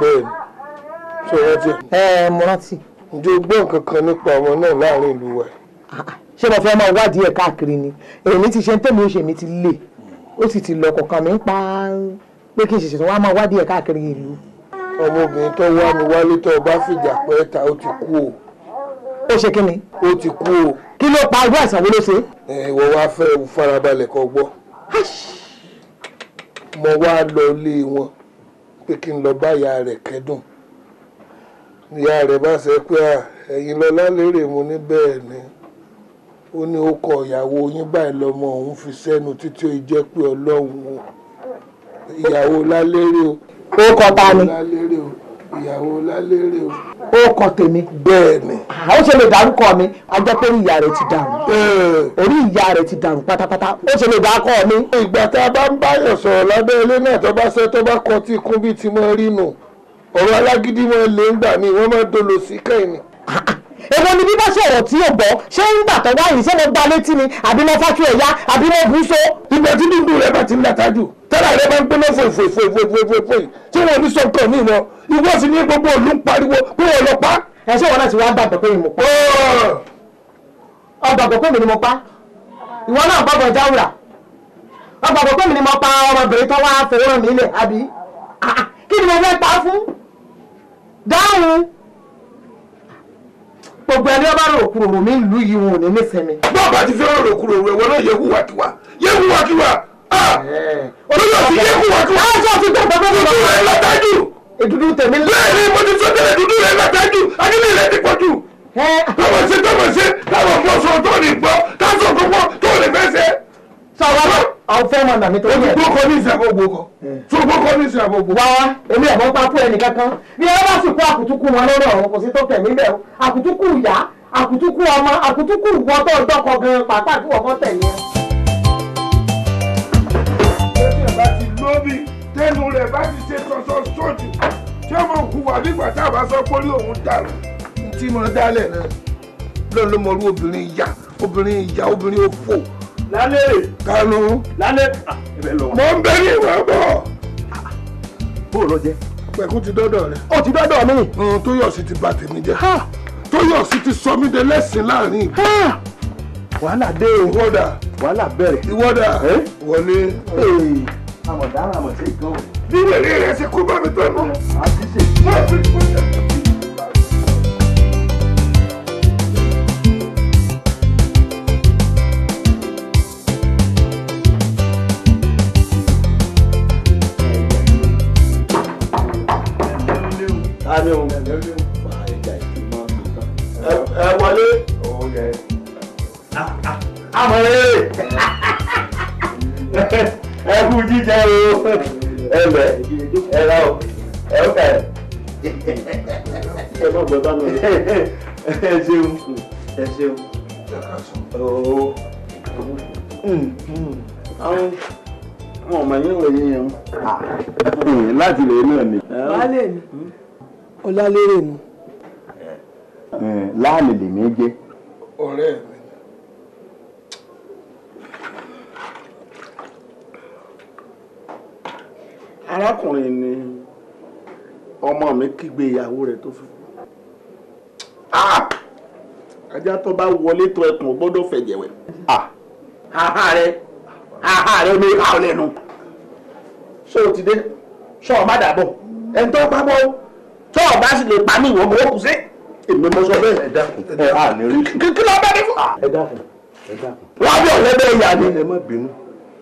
bẹ́ẹ̀ ni tó rántí. ẹ ẹ mo rántí. ǹjẹ́ o gbọ́ nǹkan kan nípa ọmọ náà láàrin ìlú wa? Ah, ṣé mo fẹ́ máa wádìí ẹ̀ káàkiri ni èmi ti ṣe ń tẹ̀lé oṣù mi ti lè ó sì ti lọ kọ̀ọ̀kan mi ń pa pé kí n ṣẹ̀ṣẹ̀ wá máa wádìí ẹ̀ káàkiri ìlú. ọmọbìnrin tó wá mi wálé tó o bá fìjà pẹ́ ta ó ti kú o ó ṣe kí ni. ó ti kú o. kí ló pa irú àìsàn wo ló ṣe. ẹ ìwọ wá fẹ́ farabalẹ̀ kó gbọ́. mo wá lọ ilé wọn pé kí n lọ bá ìyá rẹ̀ kẹ́dùn ìyá rẹ̀ bá ṣe pé ẹ̀yin lọ́lá lérè mu ní bẹ́ẹ̀ ni ó ní ó kọ ìyàwó yín báyìí lọ́mọ òun fi sẹ́nu títí ó jẹ́ pé ọlọ́run ìyàwó lálérè o. ó kọ ta ni ìyàwó lálérè o. ó kọ tèmi. bẹ́ẹ̀ni. ó ṣe lè dárúkọ mi a jẹ́ pé orí ìyá rẹ̀ ti dàrú. orí ìyá rẹ̀ ti dàrú pátápátá ó ṣe lè dárúkọ mi. ìgbà tá a bá ń báyọ̀ sọ̀rọ̀ lábẹ́ ilé náà tó bá ṣe tó bá kọ tí kún bíi ti mọ rí nù ọ̀rọ̀ alágídí wọn lè ń gbà mí wọ́n máa dolo sí kẹ́hìn èwo ni bíbá sọ̀rọ̀ tí ò gbọ́ ṣé ń gbà tọ́wọ́ yìí ṣé mo gba létí ni àbí mo fákì ẹ̀yà àbí mo bú so. ìgbà tí dúdú rẹ bá ti ń dàtájú tẹ́lá rẹ máa ń gbóná fòfòfòfòfòfòfòfò tí wọn ò ní sọ nǹkan míì mọ ìwọ sì ní gbogbo òlú ń pariwo pé wọn lọ pa. ẹ ṣé wọn láti wá gbàgbọ́ pé mo pa. ọgbàgbọ́ pé mi ni mo pa ìwọ náà gbàgbọ́ jáwùrà ọgbàgbọ́ pé mi ni mo pa ọmọbìnrin tó wá fòwúrọ̀ mi ilẹ̀ àbí ah, ah, kí ni mo fẹ́ pa fún dáhùn gbogbo ẹni ọba rò kúrò rò yìí wọn ò ní nísìnyí. bó ọba ti fẹ́ràn rò kúrò rò ẹ̀wọ̀n náà yẹ wúwàkiwà yẹ wúwàkiwà olóyè ọ̀sìn yẹ wúwàkiwà. a sọ ti gbàgbọ́ pé mo dúró ẹ látájú. èdúdú tèmi lọ. bẹ́ẹ̀ni mo ti sọtẹ́lẹ̀ dúdú rẹ látájú akíní rẹ ti pọ̀ jù. táwọn táwọn ṣe tó lè gbọ́ táwọn àwọn fọ́ọ̀mù ọ̀nà mi tó yẹ. ojú kókó ní ìsìn àbòbò kọ. tó kókó ní ìsìn àbòbò. wá wá èmi ọ̀mọ́ pápú ẹnì kankan bí ẹ bá sì kó àkùtùkù wọn lórí ọ̀run kò sí tó tẹ̀mí bẹ́ẹ̀ o àkùtùkù ìyá àkùtùkù ọmọ àkùtùkù ìwọ́tọ̀ ọ̀dọ́kọ̀ gan-an pàápàá kí wọ́n mọ́ tẹ̀lé ẹ. tẹ́lẹ̀ bá ti lóbi tẹ́nu rẹ̀ bá ti ṣe sọ́sọ́ sójú tí ó kú wà nígbà tá a bá sọ pé olóhùn dàrú tí mo dálẹ̀ náà lọ́n ló mọ irú obìnrin ìyá obìnrin ìyá obìnrin òfò lálẹ́ kanu lálẹ́ mọ ah, n bẹ ní ìwà bọ. Ah, ah. bó o lọ jẹ. pẹ̀kú ti dọ́dọ̀ rẹ. ó ti dọ́dọ̀ mi. Tóyọ̀sí ti bà tèmi jẹ́ Tóyọ̀sí ti sọ mí de lẹ́sìn láàrin ìgbà. wàhálà dé o ìwọ́dà wàhálà bẹ̀rẹ̀. ìwọ́dà wọlé. àmọ̀dá àmọ̀tẹ́ ìkan. bí wèrè rẹ̀ ṣe kú bá mi tó nù. àti ṣe. jíjẹ o ẹlẹ ẹlẹ o ẹ ó kà ẹ. ẹ má gbọ́ bá mi ẹ ṣeun ẹ ṣeun ooo àwọn wọn ọmọ yín wọ̀nyí yẹn o hmm, láti lè náà ni. baálé mi ọlálérè mi. Hmm, láàmì lèmi jẹ. ọ̀rẹ́ mi. arákùnrin ni ọmọ mi kígbe ìyàwó rẹ̀ tó fi ah! ajá tó bá wọlé tó ẹkùn ò gbọ́dọ̀ fẹ̀jẹ̀ wẹ̀ haha ah! rẹ haha rẹ omi ká ọ lẹ́nu ṣé o ti dé ṣọ ọ má dàbọ̀ ẹni tó bá bọ́ tó ọ bá sì lè pa ní ìwọ̀n mọ́ òkú sí èmi mo sọ bẹ́ẹ̀ ẹ dákun ẹ à ní rí kí ló bá dé fún. Ah! ẹ dákun ẹ dákun. wọ́n á bí ọ̀lẹ́bẹ̀ẹ́ ni. ẹ má bínú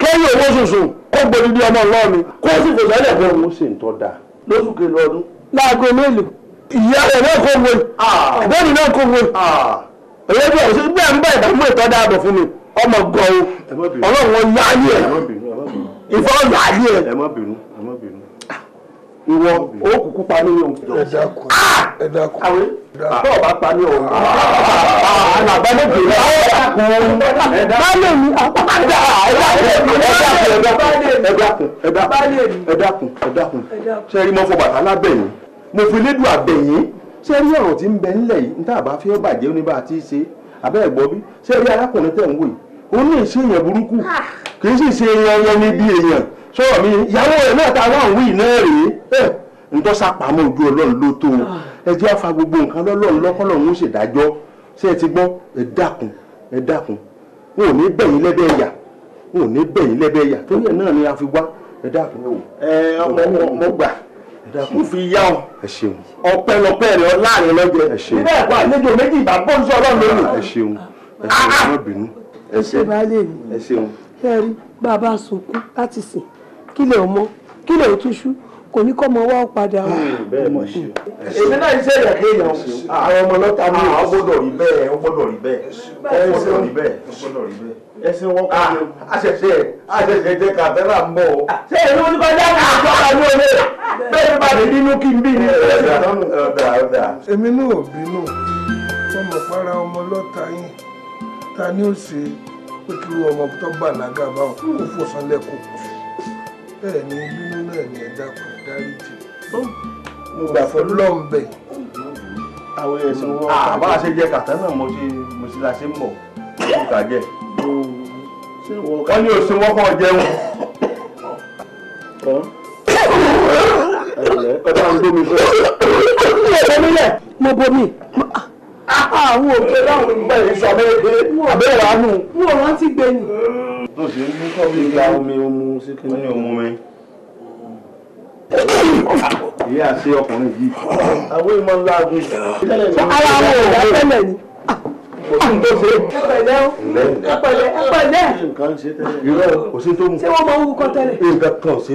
lẹ́yìn owó ṣoṣo kó gbòdìdí ọmọ ọlọ́ọ̀ni kó sì fò sẹ́lẹ̀ pé òun ṣe ń da lóṣù kejì ọdún. láago mélòó ìyá rẹ̀ náà kò wọlé bẹ́ẹ̀ni náà kò wọlé ah. ẹ̀yẹ́dì ọ̀sẹ̀ gbé ẹ̀ ń bá ìdààmú ìtọ́jú àbọ̀ fún mi ọmọ gan-an ọlọ́run wọn láàyè ẹ̀ ìfọwọ́ láàyè ẹ̀ ìwọ Ọkụkụ pa ní ohun. ẹ dákun ẹ dákun. ẹ dákun ẹ dákun. ẹ dákun ẹ dákun ẹ dákun ẹ dákun ẹ dákun ẹ dákun. ṣé rí fọ bàtà lábẹ́yìn mo ṣe bí rí arákùnrin tẹ̀ ń wò yìí ó ní sọ̀rọ̀ mi ìyàwó rẹ̀ náà ta wá òwú iná rèé ẹ̀ ńtọ́ sàpamọ́ ojú ọlọ́run ló tó o ah. ẹ jẹ́ àfa gbogbo nǹkan lọ́lọ́run lọ́kọ́lọ́run ó ṣèdájọ́ ṣé ẹ ti gbọ́ ẹ dákun ẹ dákun n ò ní bẹ̀yìn lẹ́bẹ̀ ẹ̀yà n ò ní bẹ̀yìn lẹ́bẹ̀ ẹ̀yà torí ẹ̀ náà ni a fi wá ẹ dákun ẹ wò. ẹ ọmọ mo gbà mo fi yá ọ ọpẹ́lọpẹ́ rẹ láàrin lọ́jọ́ nígbà ẹ̀kọ́ àlejò méjì bá bọ́ sí ọlọ́run lónìí. ẹ ṣeun ẹ ṣeun ẹ ṣeun ah, ah. ẹ ṣeun. ẹ ṣeun bàbá sunkún láti sìn kí lè mọ kí lè túṣú kò ní kọ́ ọmọ wa padà wá. Hmm, hmm. èmi náà iṣẹ́ ìyà kéèyàn àwọn ọmọ lọ́ta mi ò ah, gbọ́dọ̀ rí bẹ́ẹ̀ ó gbọ́dọ̀ rí bẹ́ẹ̀ ó gbọ́dọ̀ rí bẹ́ẹ̀ ó gbọ́dọ̀ rí bẹ́ẹ̀. ẹsẹ̀ wọn kò lè. àṣẹṣe àṣẹṣe jẹ kàtẹ́rà ń bọ̀ o. Ah. ṣé ìlú ní kọjá náà ìjọba ní olè bẹ́ẹ̀ ni bá lè bínú kí n bí ní. èmi náà ò bínú ọmọ para ọmọ lọ́ta yín ta ni ó ṣe pé kí ọmọ tó bàlágà bá ò fò bẹ́ẹ̀ ni bínú náà ni ẹ dákun ẹ dáríjì mo gbà fún lọ́ọ̀bẹ̀. àwọn ẹ̀sìn wọn. àbá ṣe jẹ kàtá náà mo ṣe mo ṣe la ṣe ń bọ̀ mo kà jẹ. wọ́n ní òsín wọ́n kàn jẹun. ọ̀tá ń dómi fún ẹ. mo bomi àwọn òkè báwọn ìgbà yìí sọ abẹ́rẹ́ abẹ́rẹ́ wàánu. mo rántí gbẹ̀yìn ló ṣe ń mú kọ́ọ̀bù ìgbà omi omu sí kí ní omu mi. ìyá àṣẹ ọkùnrin yìí. àwọn ìmọ̀ ńlá agun. ara àwọn òògùn tẹ́lẹ̀ ni. Ẹpẹ̀lẹ́ ẹpẹ̀lẹ́. Irọ́ Ṣé wọ́n máa ń wúkọ́ tẹ́lẹ̀?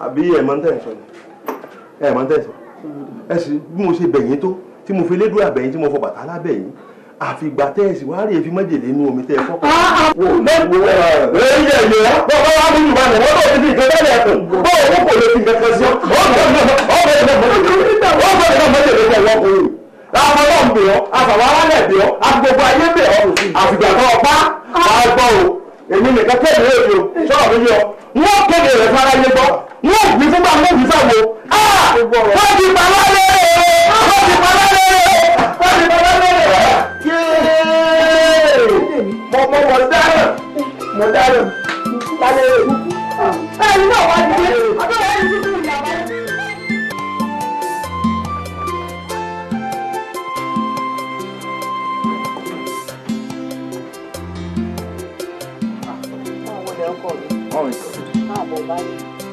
àbí ẹ̀ mọ́ tẹ̀ ń sọ ni ẹ̀ mọ́ tẹ̀ ń sọ ẹ sì bí mo ṣe bẹ̀yìn tó tí mo fi lédùn àbẹ̀yìn tí mo fọ bàtà lábẹ̀yìn àfìgbà tẹ́ ẹ̀ sì wá rí efi májèlé inú omi tẹ́ ẹ fọ́. wò lẹ́gbẹ̀ẹ́ rẹ̀ ń yẹ̀ yẹ̀ bọ́ọ̀ bá mi jùlọ àná wọ́n bẹ̀rẹ̀ ti nǹkan bẹ́ẹ̀ ẹ̀kọ́ bọ́ọ̀ owó kò lè fi nǹkan kan sí ọ́ bọ́ọ̀ bẹ̀rẹ̀ náà májèlé tẹ̀ wọ́n kò yìí. láàbọ̀ náà ń bẹ̀ ọ́ àfàwọn alálẹ̀ bẹ̀ ọ́ àti gbogbo ayé bẹ̀ ọ́ àfìgbà tó ọ èmi nìkan tó ìwé èdè o sọ̀rọ̀ mi yọ wọ́n kéde rẹ̀ fara yé gbọ́ wọ́n gbé fún bá wọ́n gbé fáwọn o wọ́n ti pa lálẹ́ wọ́n ti pa lálẹ́ wọ́n ti pa lálẹ́ mo mo mo dáràn mo dáràn lálẹ́ ẹ̀yin náà wá ní.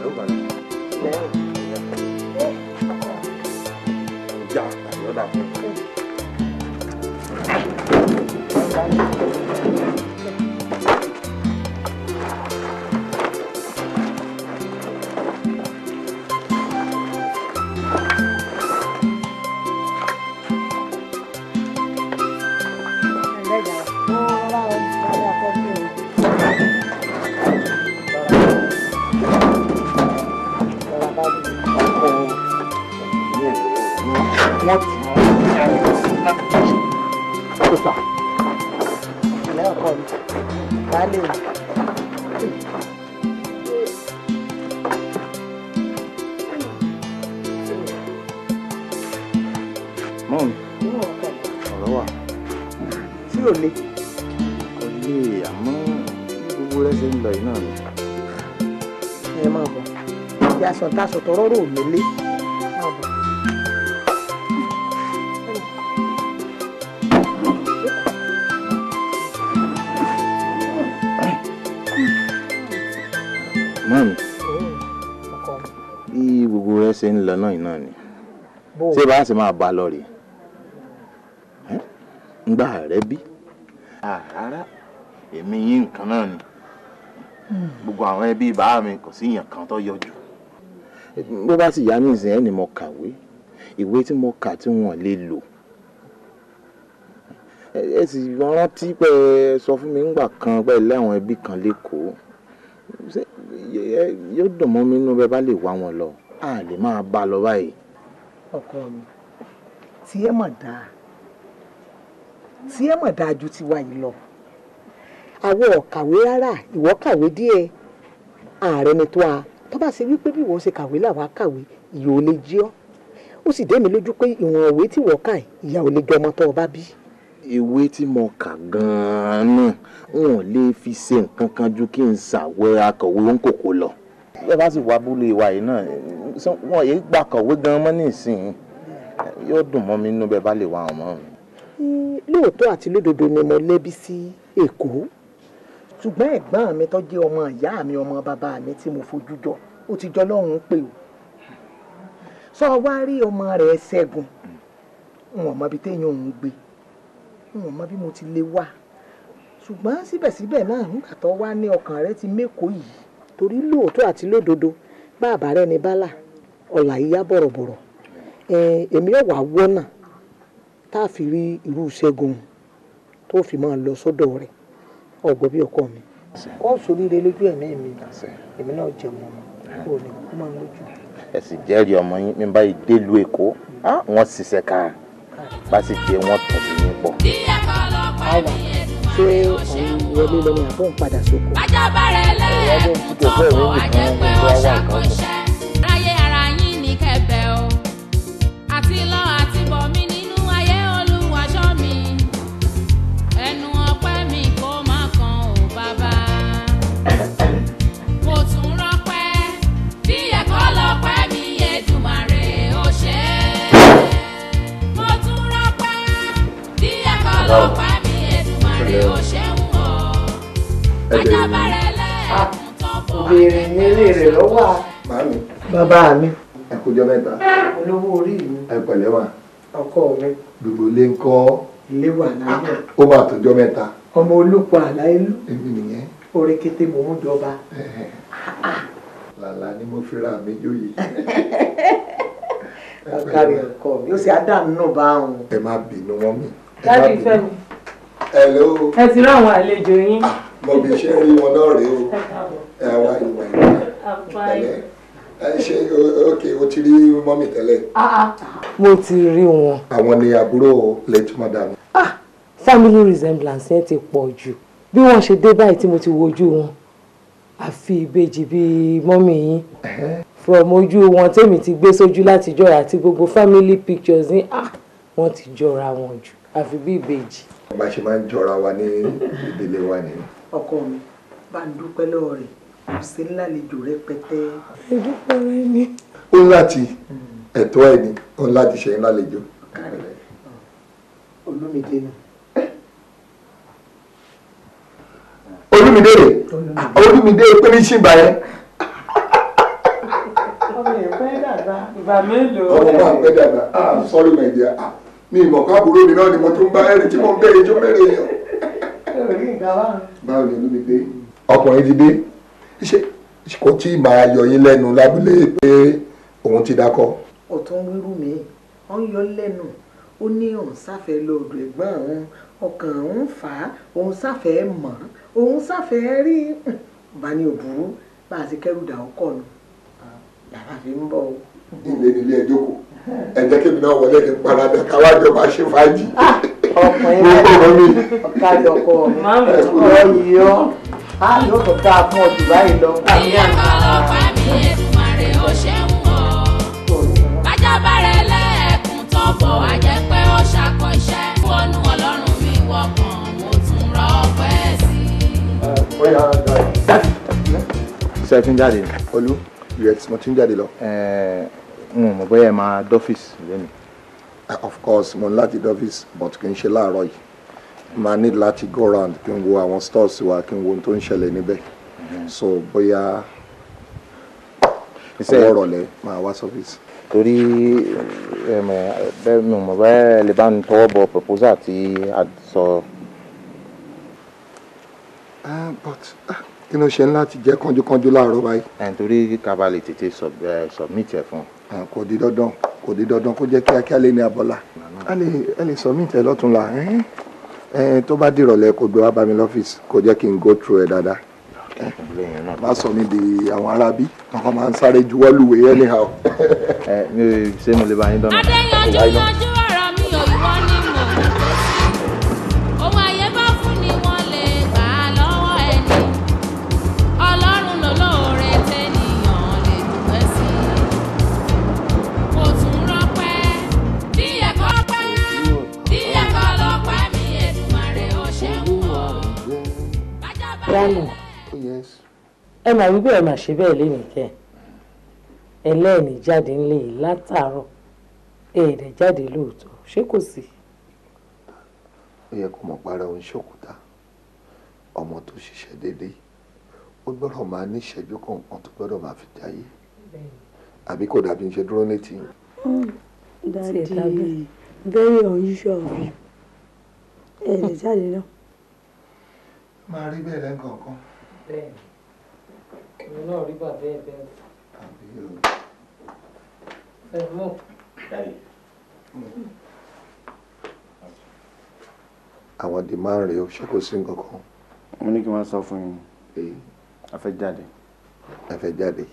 đúng rồi đeo dạ. giọt tại nó đọc ká sọ̀tọ̀ rọ́rọ̀ òmìnirè. mọ́ọ̀mí bí gbogbo rẹ ṣe ń lọ náà iná ni ṣé bá ṣe máa bá lọ rè ngbà rẹ bí rárá èmi yín nǹkan náà ni gbogbo àwọn ẹbí bàá mi kò sí èèyàn kan tó yọjú bó bá sì yá ní ìsìn ẹ̀ ni mo kàwé ìwé tí mo kà tí wọ́n lè lò ẹ sì rántí pé ẹ sọ fún mi ńgbà kan pé láwọn ẹbí kan lẹ́kọ̀ọ́ yóò dùn mọ́ mi nínú bẹ́ẹ̀ bá lè wá wọn lọ a lè máa bá a lọ báyìí. ọkọ mi tí ẹ mọ̀ dáa tí ẹ mọ̀ dáa ju tiwa yìí lọ àwọn ọ̀kàwé rárá ìwọ kàwé díẹ̀ ààrẹ ni tó a tó bá ṣe wípé bí wọ́n ṣe kàwé làwa kàwé ìyà ò lè jẹ ọ́ ó sì dé mi lójú pé ìwọ̀n òwe tí wọ́n kà ìyà lè jẹ tó o bá bí. ìwé tí mo kà gan-an náà wọn ò lè fi ṣe nǹkan kan ju kí n ṣàwẹ́ akọ̀wé òǹkòkò lọ. bẹ́ẹ̀ bá sì wá abúlé wa yìí náà wọn èyí gba kọ̀wé gan-an mọ́ nísìnyí yóò dùn mọ́ mi nínú bẹ́ẹ̀ bá lè wá àwọn ọmọ lóòótọ́ àti lódodo ni mo lẹ́bi sí èkó ṣùgbọ́n ẹ̀gbọ́n mi tó jẹ́ ọmọ ìyá mi ọmọ bàbá mi tí mo fojú jọ ó ti jọ lọ́rùn pé o sọ wá rí ọmọ rẹ̀ ṣẹ́gun n ò mọ ibi téèyàn òun gbé n ò mọ bí mo ti lè wá ṣùgbọ́n síbẹ̀síbẹ̀ náà nígbà tó wá ní ọkàn rẹ ti mẹ́kọ̀ọ́ yìí torí lóòótọ́ àti lódodo bá àbárẹ́ ni bálà ọ̀là yíyá bọ̀rọ̀bọ̀rọ̀ èmi ò wá wọ́nà tá a fi rí irú ṣẹ́gun tó fi máa lọ sọ́dọ̀ rẹ̀ ọ̀gbọ́n bí ọkọ mi ó sòríire lójú ẹ̀mí mi èmi náà jẹ ọmọ mi ò ní kú máa ń lójú. ẹ sì jẹ́rìí ọmọ yín mi báyìí délùú èkó wọ́n ṣiṣẹ́ ká bá sì jẹ́ wọ́n tọ̀sí yín pọ̀. àwa ṣé òun wọlé lọ́wọ́ àbọ̀ ń padà sóko. ajá bá rẹ̀ lẹ́yìn tó wọ́n ajẹ́ pé ó ṣàkóso. bàbá mi. ẹ kú ọjọ́ mẹ́ta. olówó orí mi. ẹ pẹ̀lẹ́ wà. ọkọ mi. gbogbo ilé ń kọ́. ilé wà láyọ̀. ó máa tọ́jọ́ mẹ́ta. ọmọ olóko àláìlú. èmi nìyẹn. orí kété mò ń jọba. làlá ni mo fi ra mi jóye. ọkàrí ọkọ mi ó sì ádámù náà bá wọn. ẹ má bínú wọn mi. dájú ìfẹ́ mi. hello. ẹ ti rán àwọn àlejò yín. Ah, mo bí iṣẹ́ rí wọn náà rèé o. ẹ wá ìwà ìwà. àpáyé ṣe okay o ti rí mọ́mì tẹ́lẹ̀. Ah, ah, ah. mo ti rí wọn. àwọn ni àbúrò late madam. ah family resemblance yẹn ti pọ̀ jù bí wọ́n ṣe dé báyìí tí mo ti wojú wọn àfi ìbejì bíi mọ́mì yín from ojú wọn tèmi ti gbé sójú látijọ́ àti gbogbo family pictures ní ah wọ́n ti jọra wọn jù àfi bí ìbejì. bá a ṣe máa ń jọra wa ní ìdílé wa nìyẹn. ọkọ mi bá ń dúpẹ́ lọ́wọ́ rẹ̀ kò sí lálejò rẹpẹtẹ. ìdúpẹ́ rẹ ni. ó láti ẹ̀tọ́ ẹ̀ ni ó láti ṣe lálejò. olómìdé ni. olómìdé rè olómìdé pé ní ṣì báyẹn. ọmọ ẹ̀ pẹ́ dàda ìgbà mélòó. ọmọ máa pẹ́ dàda ah sorry my dear ah ní ìmọ̀ káàbùrò mi náà ni mo tún bá ẹni tí mo ń bẹ̀rẹ̀ jó mẹ́rin yẹn. báwo ni olómìdé ọkùnrin ti dé ṣé kò tí ì máa yọ yín lẹ́nu lábúlé pé òun ti dákọ́. ọ̀tún wíwú mi wọ́n yọ lẹ́nu ó ní òun sáfẹ́ lọ́ọ̀dọ̀ ẹ̀gbọ́n òun ọkàn òun fà á òun sáfẹ́ mọ̀ òun sáfẹ́ rí bá ní òbúrú bá a ti kẹ́rù dà ó kọ̀ nù làbá fi ń bọ̀ o. ilé nílé ẹjọ́ kò ẹ jẹ́ kí mi náà wọlé kí paradà káwájọ máa ṣe fàájì. Ah! ọkùnrin rẹ ọ̀kadà ọkọ ọ̀rọ̀ yìí ọ́ á yóò tó ká fún ọ jù báyìí lọ. ẹ̀yà ọlọ́pàá mi Èṣùmàrè ó ṣeun o bájábá rẹ lẹ́ẹ̀kún tán bọ̀ á jẹ́ pé ó ṣàkọ iṣẹ́ wọnú ọlọ́run mi wọkàn mo tún rọ ọpẹ́ sí i. ṣe é tún jáde olú ìrẹsì mo tún jáde lọ. n ò mọ̀ bóyá ẹ máa dọ́fíìsì lónìí. Uh, of course mo ní láti dé office but kì í ṣe láàárọ̀ yìí máa ní láti go round kí n wo àwọn stores wa kí n wo ohun tó ń ṣẹlẹ̀ níbẹ̀ mm-hmm. so bóyá ọwọ́ rọ̀lẹ́ máa wá service. torí um, bẹ́ẹ̀ mi ò mọ̀ bẹ́ẹ̀ lè bá mi tọwọ́ bọ proposal tí a sọ. but ah, kí ló ṣe ń láti jẹ́ kánjúkánjú láàárọ̀ báyìí. ẹ̀ torí kábàlì tètè eh, submit ẹ̀ fún. Ah, kò di dandan kò dé dandan kó jẹ́ kíákíá lé ní abọ́lá a lè submit ẹ lọ́túnla tó bá dìrọ̀lẹ́ kó gbé wá bá mi lọ́fíìsì kó jẹ́ kí n go through ẹ dáadáa má sọ mi di àwọn arábí wọn máa ń sáré juwọ́ anyhow. mi mo lè bá yín dánwò. adéyanjú yanjú. dànù ẹ máa wí bẹ́ẹ̀ máa ṣe bẹ́ẹ̀ lémi kẹ́ ẹlẹ́ẹ̀ni jáde ńlẹ̀ yìí látàárọ̀ ẹ̀ẹ́dẹ̀ jáde lóòótọ́ ṣé kò sí. ó yẹ kó mọ̀ para òun ṣòkúta ọmọ tó ṣiṣẹ́ déédéé ó gbọ́dọ̀ máa ní ìṣẹ́jú kọ̀ọ̀kan tó gbọ́dọ̀ máa fi jayé àbí kò dàbí ṣe dúró létí. dadi very unusual of you ẹ̀ẹ́dẹ̀ jáde náà máa rí bẹ́ẹ̀ lẹ́ǹkọ̀ọ̀kan. bẹ́ẹ̀ni èmi náà rí A ẹ bẹ́ẹ̀. àbí o. ẹ̀mú. àwọn dì máa ń rè ó ṣé kò sí nǹkan kan. mo ní kí wọ́n sọ fún yín pé a fẹ́ jáde. a fẹ́ jáde.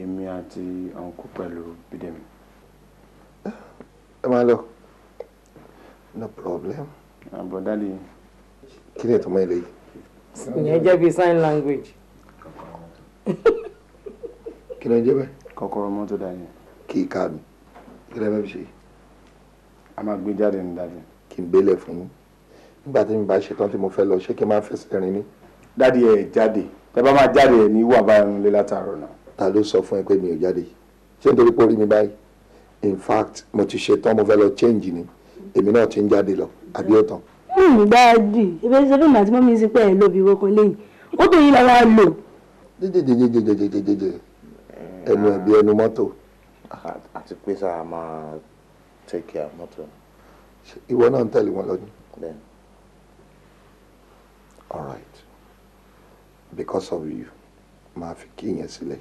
èmi àti ọ̀nkú pẹ̀lú bídẹ̀mí. ẹ máa lọ no problem. àbọ̀dálì. Uh, kí ni ìtumọ̀ eléyìí. ìyẹn jẹ́ bíi sign language. kí ló ń jẹ́ bẹ́ẹ̀. kọ́kọ́rọ́ mọ́tò dání. kì í ká mi kí ló ń bẹ́ẹ̀ ṣe. a máa gbé jáde ní dájú. kí n gbélé fún yín nígbà tí mi bá ṣe tán tí mo fẹ́ lọ ṣé kí n máa fẹsẹ̀ rìn ni. dáàdi ẹ jáde tẹ bá máa jáde ẹ ní wà báyọ̀ nílé látàárọ̀ náà. ta ló sọ fún ẹ pé mi ò jáde ṣé nítorí pé orí mi báyìí in fact mo ti ṣe tán mo fẹ́ lọ change ni èmi náà ti ń jáde lọ àbí ọ̀tàn gbáàdì ebe ṣe fún màtí mọ́mí sí pé ẹ̀ lóbi kankan lẹ́yìn ó tó yín lára lò. dédèdèdèdèdèdè ẹnu ẹbí ẹnu mọ́tò. àti pé sá a máa tẹ̀kẹ́ à mọ́tò. ìwọ náà ń tẹ̀lé wọn lọ́dún. all right because of you máa fi kí yẹn sílẹ̀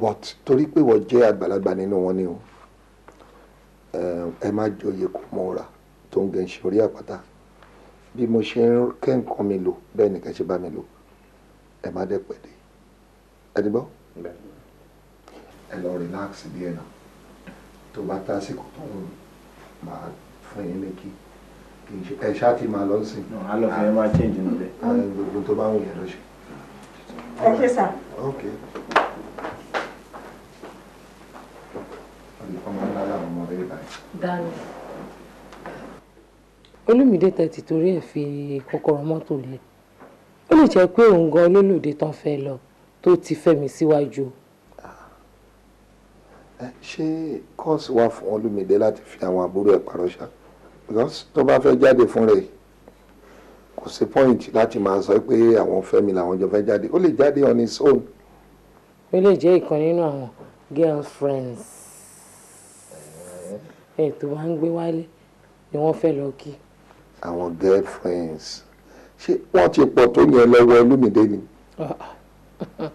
but torí pé wọ́n jẹ́ àgbàlagbà nínú wọn ni o ẹ má jọ yẹ kó mọ́ra tó ń gẹ̀ ń ṣe orí àpáta bí mo ṣe ń kẹ́ nǹkan mi lò bẹ́ẹ̀ nìkan ṣe bá mi lò ẹ má dẹ̀ pẹ̀lẹ́ ẹ ti gbọ́. ẹ lọ relax díẹ̀ náà tó bá tásìkò tó ń máa fún yín ní kí ẹ ṣáà ti máa lọ sí. alọ fẹ máa change nílẹ. gbogbo tó bá ń wù yẹn lọ ṣe. ok sir. ok. ọmọ ńlá làwọn ọmọ rẹ báyìí. dani olùmídé tẹ̀tì torí ẹ̀ fi kọ́kọ́rọ́ mọ́tò lé ó lè jẹ́ pé òun gan olólùdé tán fẹ́ lọ tó ti fẹ́mi síwájú. Ah. Eh, ṣé kọ́ọ̀sì wà fún olùmídé láti fi àwọn àbúrò ẹ̀ parọ́ ṣá because tó bá fẹ́ jáde fún rẹ̀ kò sí point láti máa sọ pé àwọn fẹ́mi làwọn jọ fẹ́ jáde ó lè jáde on his own. ó lè jẹ́ ìkan nínú àwọn girlfriends eh. ẹ̀ tó wá ń gbé wálé ni wọ́n fẹ́ lọ kí àwọn girlfriends ṣé wọ́n ti pọ̀ tó yẹn lọ́wọ́ olómìnira ni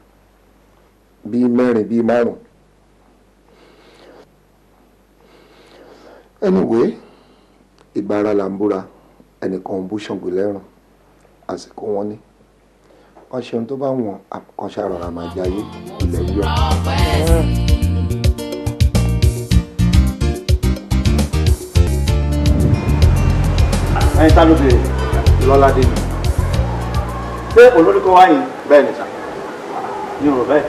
bíi mẹ́rin bíi márùn. anyway ìgbára là ń búra ẹnìkan ń bú ṣàngó lẹ́rùn àsìkò wọn ni wọ́n ṣe ohun tó bá wọn àkànṣe àrọ̀ràn àmàjáyé ilẹ̀ yíyọ. ẹni tá ló bèrè lọ́lá dé mi ṣé olórúkọ wá yìí bẹ́ẹ̀ ni sà ní ọ̀rọ̀ bẹ́ẹ̀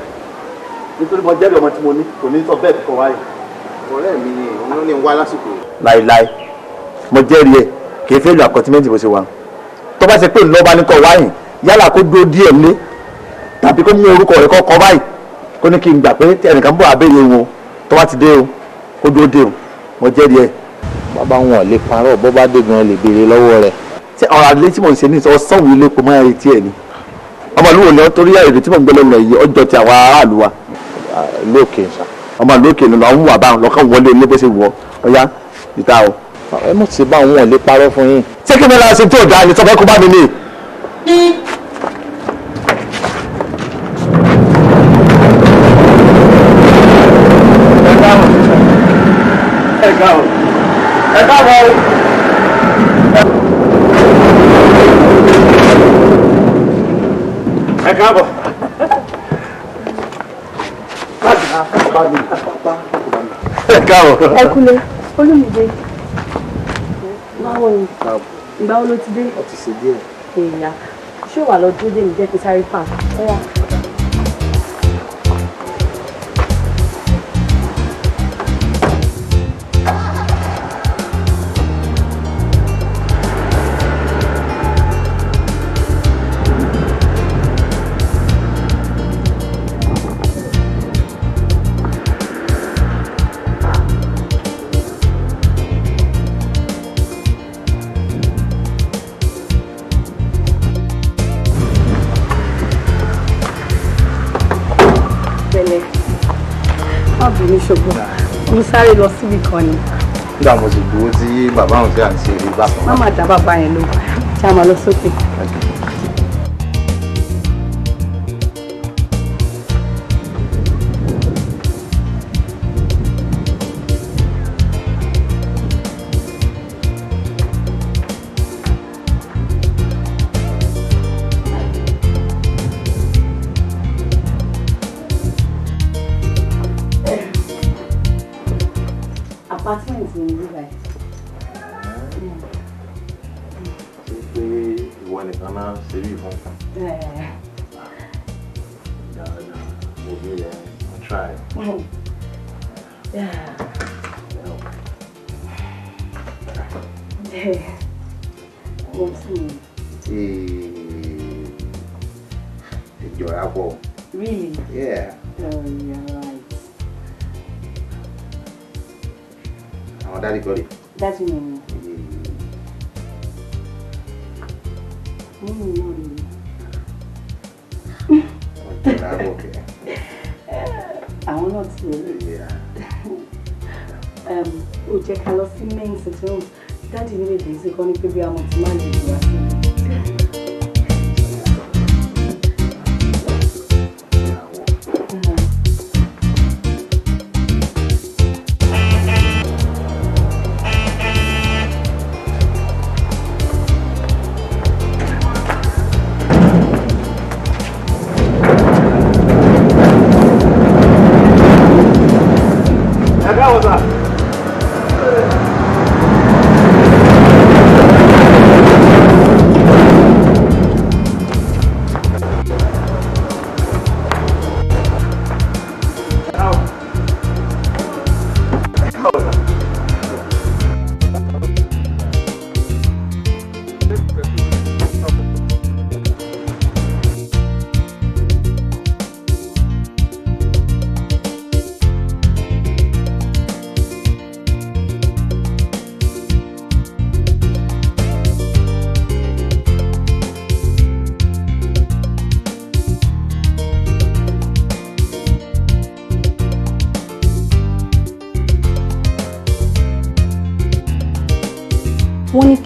nítorí mo jẹ́rìí ọmọ tí mo ní kò ní sọ bẹ́ẹ̀ kọ wá yìí. ọ̀rẹ́ mi ni òun ní wá lásìkò. láìláì mo jẹ́rìí ẹ̀ kì í fẹ́ lu àkọ́tímẹ́ǹtì bó ṣe wà tó bá ṣe pé lọ́ba ní kọ wá yìí yálà kó dúró díẹ̀ lé tàbí kó mú orúkọ rẹ̀ kọ́ báyìí kó ní kí n gbà pé ẹnìkan bọ̀ abẹ́rẹ́ wọn tó bá ti dé o kó dúró dé mo jẹ́rìí ẹ̀ bàbá wọn lè parọ́ bó bá dé gan lè béèrè lọ́wọ́ rẹ̀. ṣé ọ̀rọ̀ àdìlẹ́ tí mò ń ṣe ní ọ̀sán òun ilé kò máa retí ẹ̀ ni ọmọlúwo ni torí èrè tí mò ń gbé lọ́nà yìí ọjọ́ ti àwọn aráàlú wa. lókè nsà. ọmọ lókè nínú àwọn wà báwọn lọ́kàn wọlé ní bó ṣe wọ ọyá ìta o. ẹ mọ̀ sí báwọn lè parọ́ fún yín. ṣé kí ẹ káàbọ̀ o. ẹ káàbọ̀. ẹ káàbọ̀. ẹ kúlé olùmìdé báwo ni ìgbà wo ló ti dé. ó ti ṣe díẹ̀. èèyàn ṣé wà lọ dúró dé mi jẹ́ kí sáré fà. ṣògbọ́n mo sáré lọ síbi kan ni. nígbà mo sì gbowó tí bàbá òun fẹ́ àti ṣe má má dá bàbá yẹn lọ já máa lọ sókè. Mm-hmm. could be almost money.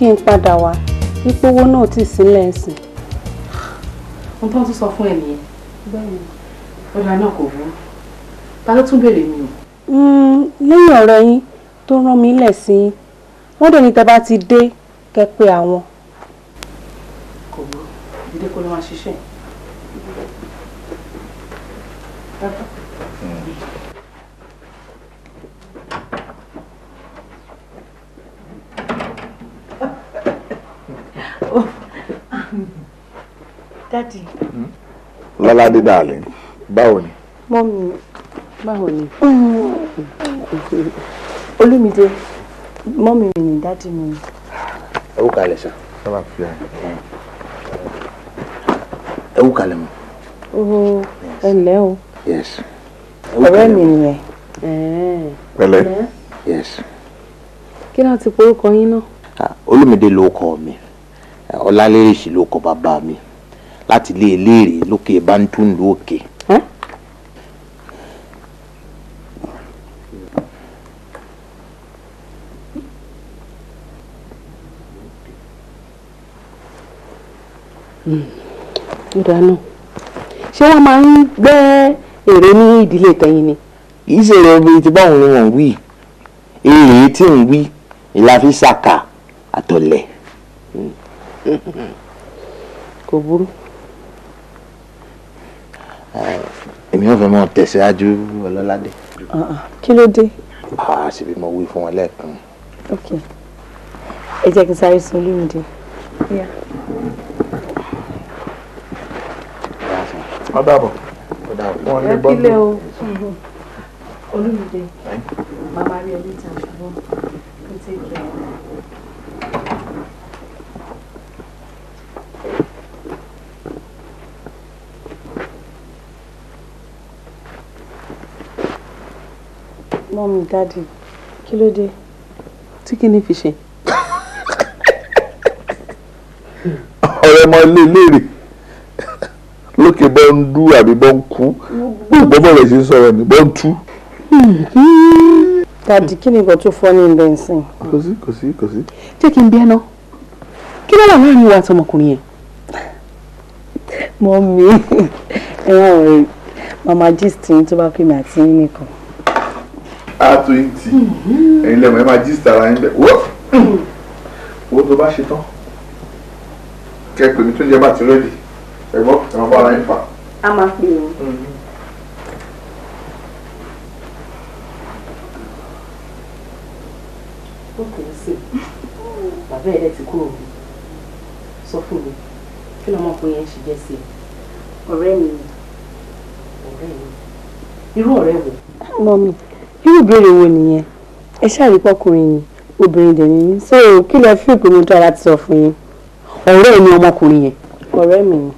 kí n padà wá wípé owó náà ti sílẹ̀ ẹ̀sìn. ohun tó ń tún sọ fún ẹ nìyẹn. bẹ́ẹ̀ni. náà kò burú ta ló tún béèrè mi o. Hmm, lẹ́yìn ọ̀rọ̀ yín tó rán mi lẹ̀ sí yín wọ́n dẹ̀ ní tẹ́ bá ti dé kẹ́ pé àwọn. kò burú ìdílé kó ló máa ṣiṣẹ́. Daddy. Lọ́ládé darling, báwo ni? Mọ́mí, báwo ni? Olúmídé, mọ́mí mi ni dádì mi. Ẹ wú kalẹ̀ sàn. Sábà fi hàn. Ẹ wú kalẹ̀ mọ́. Oho, ẹ o. Yes. Ọ̀rẹ́ mi nìyẹn. Pẹ̀lẹ́. Yes. Kí láti porúkọ yín náà? Ah, Olúmídé ló kọ mi, ah, Ọlálérìṣì ló kọ bàbá mi láti lé eléèrè lókè bantu ńlú òkè. Hmm. ó dáná ṣé wọ́n máa ń gbẹ́ èrè ní ìdílé tẹ̀yìn ni. kì í ṣèrè obìnrin tí báwọn ni wọ́n ń wí èrè tí ń wí ìlàfi ṣàkà kò burú èmi ò fẹ́ mọ tẹ̀síwájú ọlọ́ládé. Ah, ah, kí ló dé. a ah, sì bí mo wí fún wọn lẹ́ẹ̀kan. ok ẹ jẹ́ kí n sáré sun olúmìdé. wọ́n dàbọ̀ wọ́n lè bọ́ sí. olúmìdé màmá rí ẹ níta ṣùgbọ́n kò tẹ̀ kẹ́ mọ́mí dáàdì kí ló dé tí kìíní fi ṣe. ọ̀rẹ́ ọmọ ilé léèrè lókè bọ́ ń dú àbí bọ́ ń kú gbogbo bọ̀rẹ̀ sí sọ̀rọ̀ ní bọ́ ń tú. dàdí kí ni nǹkan tó fọ́ ní ilé ìsìn. kò sí kò sí kò sí. jẹ́ kí n bí ẹ náà kí ló wà láàrin ìwà àti ọmọkùnrin yẹn. mọ́mí ẹ̀wọ̀n rẹ̀ mama gist yín tó bá pè mí àti yín nìkan á twenty mm-hmm. ẹ̀yin lẹ́mọ̀ ẹ máa gist ara yín bẹ́ẹ̀ wọ́n mm-hmm. wọ́n tó bá ṣe tán kẹ́ pè mí tó ń jẹ́ bá ti rẹ́dì ẹ̀gbọ́n ẹ̀ máa bá ara yín fà. a máa pè o. ó kì í sè bàbá ẹ̀ dẹ̀ ti kúrò sọ fún mi kí lọ́mọkùnrin yẹn ṣe jẹ́ sí i ọ̀rẹ́ mi ọ̀rẹ́ mi irú ọ̀rẹ́ wo. mọ mi irú ìbéèrè wo nìyẹn ẹ ṣáà rí pọkùnrin ni obìnrin dẹ̀ nìyí so kí lẹ fi ìpè mo dára ti sọ fún yín. ọ̀rẹ́ mi ọmọkùnrin yẹn. ọ̀rẹ́ mi ni.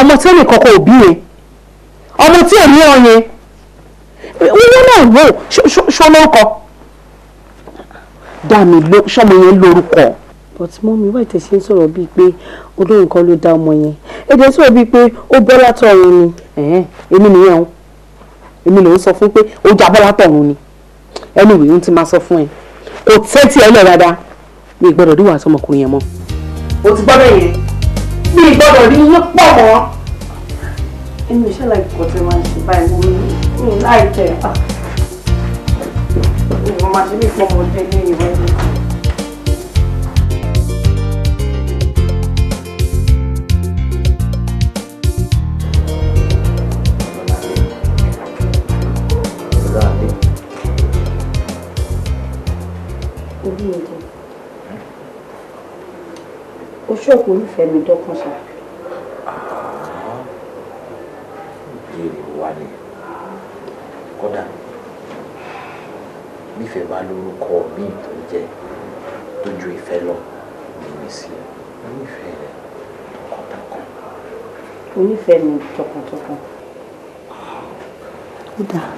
ọmọ tí ó lè kọ́kọ́ òbí yẹn ọmọ tí ò ní ọ yẹn wíwá náà wò ṣọlọ́kọ dá mi ṣọmọ yẹn lórúkọ but mọ́mi wá ìtẹ̀sí ń sọ̀rọ̀ bíi pé olóyìn kan ló dá ọmọ yẹn èdè sọ̀rọ̀ bíi pé ó bọ́ látọ̀ òun ni èmi nìyẹn o èmi ló ń sọ fún pé ó jábọ́ látọ̀run ni anyway ń ti máa sọ fún ẹ kò tẹ́tí ẹ lẹ̀ dáadáa mi ì gbọ́dọ̀ rí wàásù ọmọkùnrin yẹn mọ́. o ti gbọ́dọ̀ yẹn mi ì gbọ́dọ̀ rí yín pọ̀ mọ́. èmi ò ṣẹlẹ̀ kò tẹ máa ń ṣe báyìí mo ní láì tẹ̀ ọ́ mo máa ṣe bí ìpọ́nmọ́ jẹ́ ní ìwé bí ogun o ṣọ́ọ̀pù olùfẹ́ mi dọ́kan sọ. ìbéèrè wa ni kódà nífẹ̀ẹ́ bá lórúkọ mi tó jẹ́ tó ju ìfẹ́ lọ mímí sí onífẹ̀ẹ́ rẹ̀ tọkàntọkàn. onífẹ̀ẹ́ mi tọkàntọkàn. ó dáa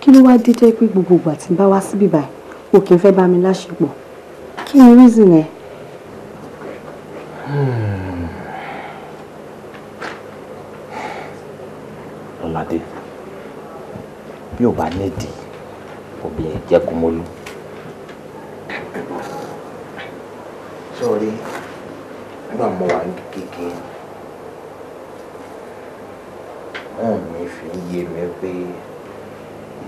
kí ló wáá dé jẹ́ pé gbogbo ìgbà tí bá wá síbí báyìí o kì í fẹ́ bá mi láṣepọ̀ kí ni reason ẹ. lọ́ládé hmm. bí ò bá nídìí obìnrin jẹ́ kúmọ́lú. sọ́ọ́rí nígbà mo wà ní kékeré wọ́n mi fi ń yé mi pé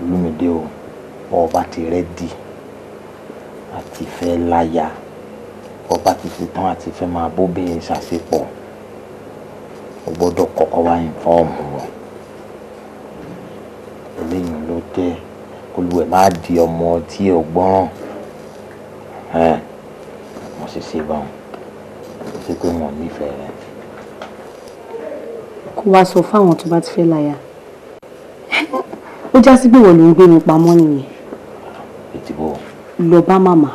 ìlú mi dé o ọba ti rẹ́ dì àti fẹ́ láya ọba ti ṣetán àti fẹ́ máa bóbìnrin ṣàṣepọ̀ o gbọ́dọ̀ kọ́kọ́ wá ìfọ́ọ̀mù wọn eléyìí ló jẹ́ olùwẹ̀ má di ọmọ tí ò gbọ́ràn ẹ̀ mo sì ṣe bá wọn mo sì pé wọn nífẹ̀ẹ́ rẹ. kó wá sọ fáwọn tó bá ti fẹ́ láya ó já sí pé wọ́n ló ń gbé mi pamọ́ nìyẹn lọ bá màmá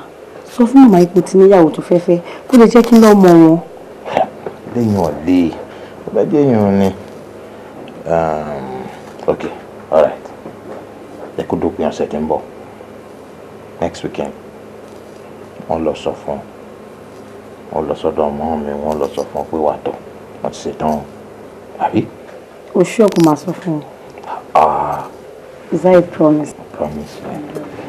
sọ fún màmá ipò tí níyàwó tó fẹ́ fẹ́ kó lè jẹ́ kí lọ́ mọ wọn. lẹ́yìn ọ̀lẹ́ ó bá jẹ́ èèyàn ni um, ok alright ẹ kó dópin ọ̀sẹ̀ tí ń bọ̀ next weekend wọ́n lọ sọ fún wọ́n lọ sọ́dọ̀ ọmọ mi wọ́n lọ sọ fún pé wàá tọ̀ wọ́n ti ṣetán àbí. òṣù ọkùnrin máa sọ fún ọ. Ah. is that a promise. promise. Yeah.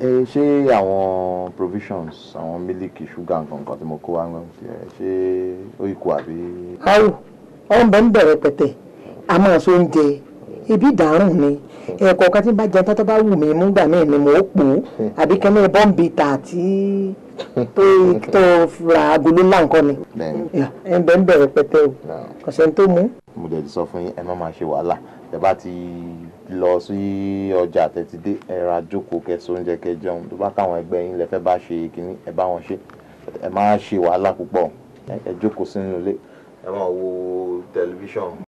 ṣé àwọn provisions àwọn mílíkì ṣúgà nǹkan tí mo kó wá ń ṣe ó ikú àbí. awo ọ̀n bẹ́ẹ̀ ń bẹ̀rẹ̀ pẹ̀tẹ̀ a máa so oúnjẹ ibi ìdárùn ni ẹ̀kọ́ kan tí n bá jẹun tó bá wù mí mú gbà mí ni mò ń pò ó àbí kẹ́lẹ́ bọ́ǹbì tà tí tó tó ra agolo ńlá ni ẹ̀ ń ń bẹ̀rẹ̀ pẹ̀tẹ̀ o kò sẹ́ni tó mú. mo dẹ̀ ti sọ fún yín ẹ má máa ṣe wàhálà ẹ bá ti lọ sí ọjà tẹ́tidé ẹ ra jókòó kẹsọ oúnjẹ kẹjẹun tó bá káwọn ẹgbẹ́ yín lẹ fẹ́ bá ṣe kínní ẹ bá wọn ṣe ẹ má ṣe wàhálà púpọ̀ ẹ jókòó sínú ilé ẹ máa wo tẹlifíṣàn.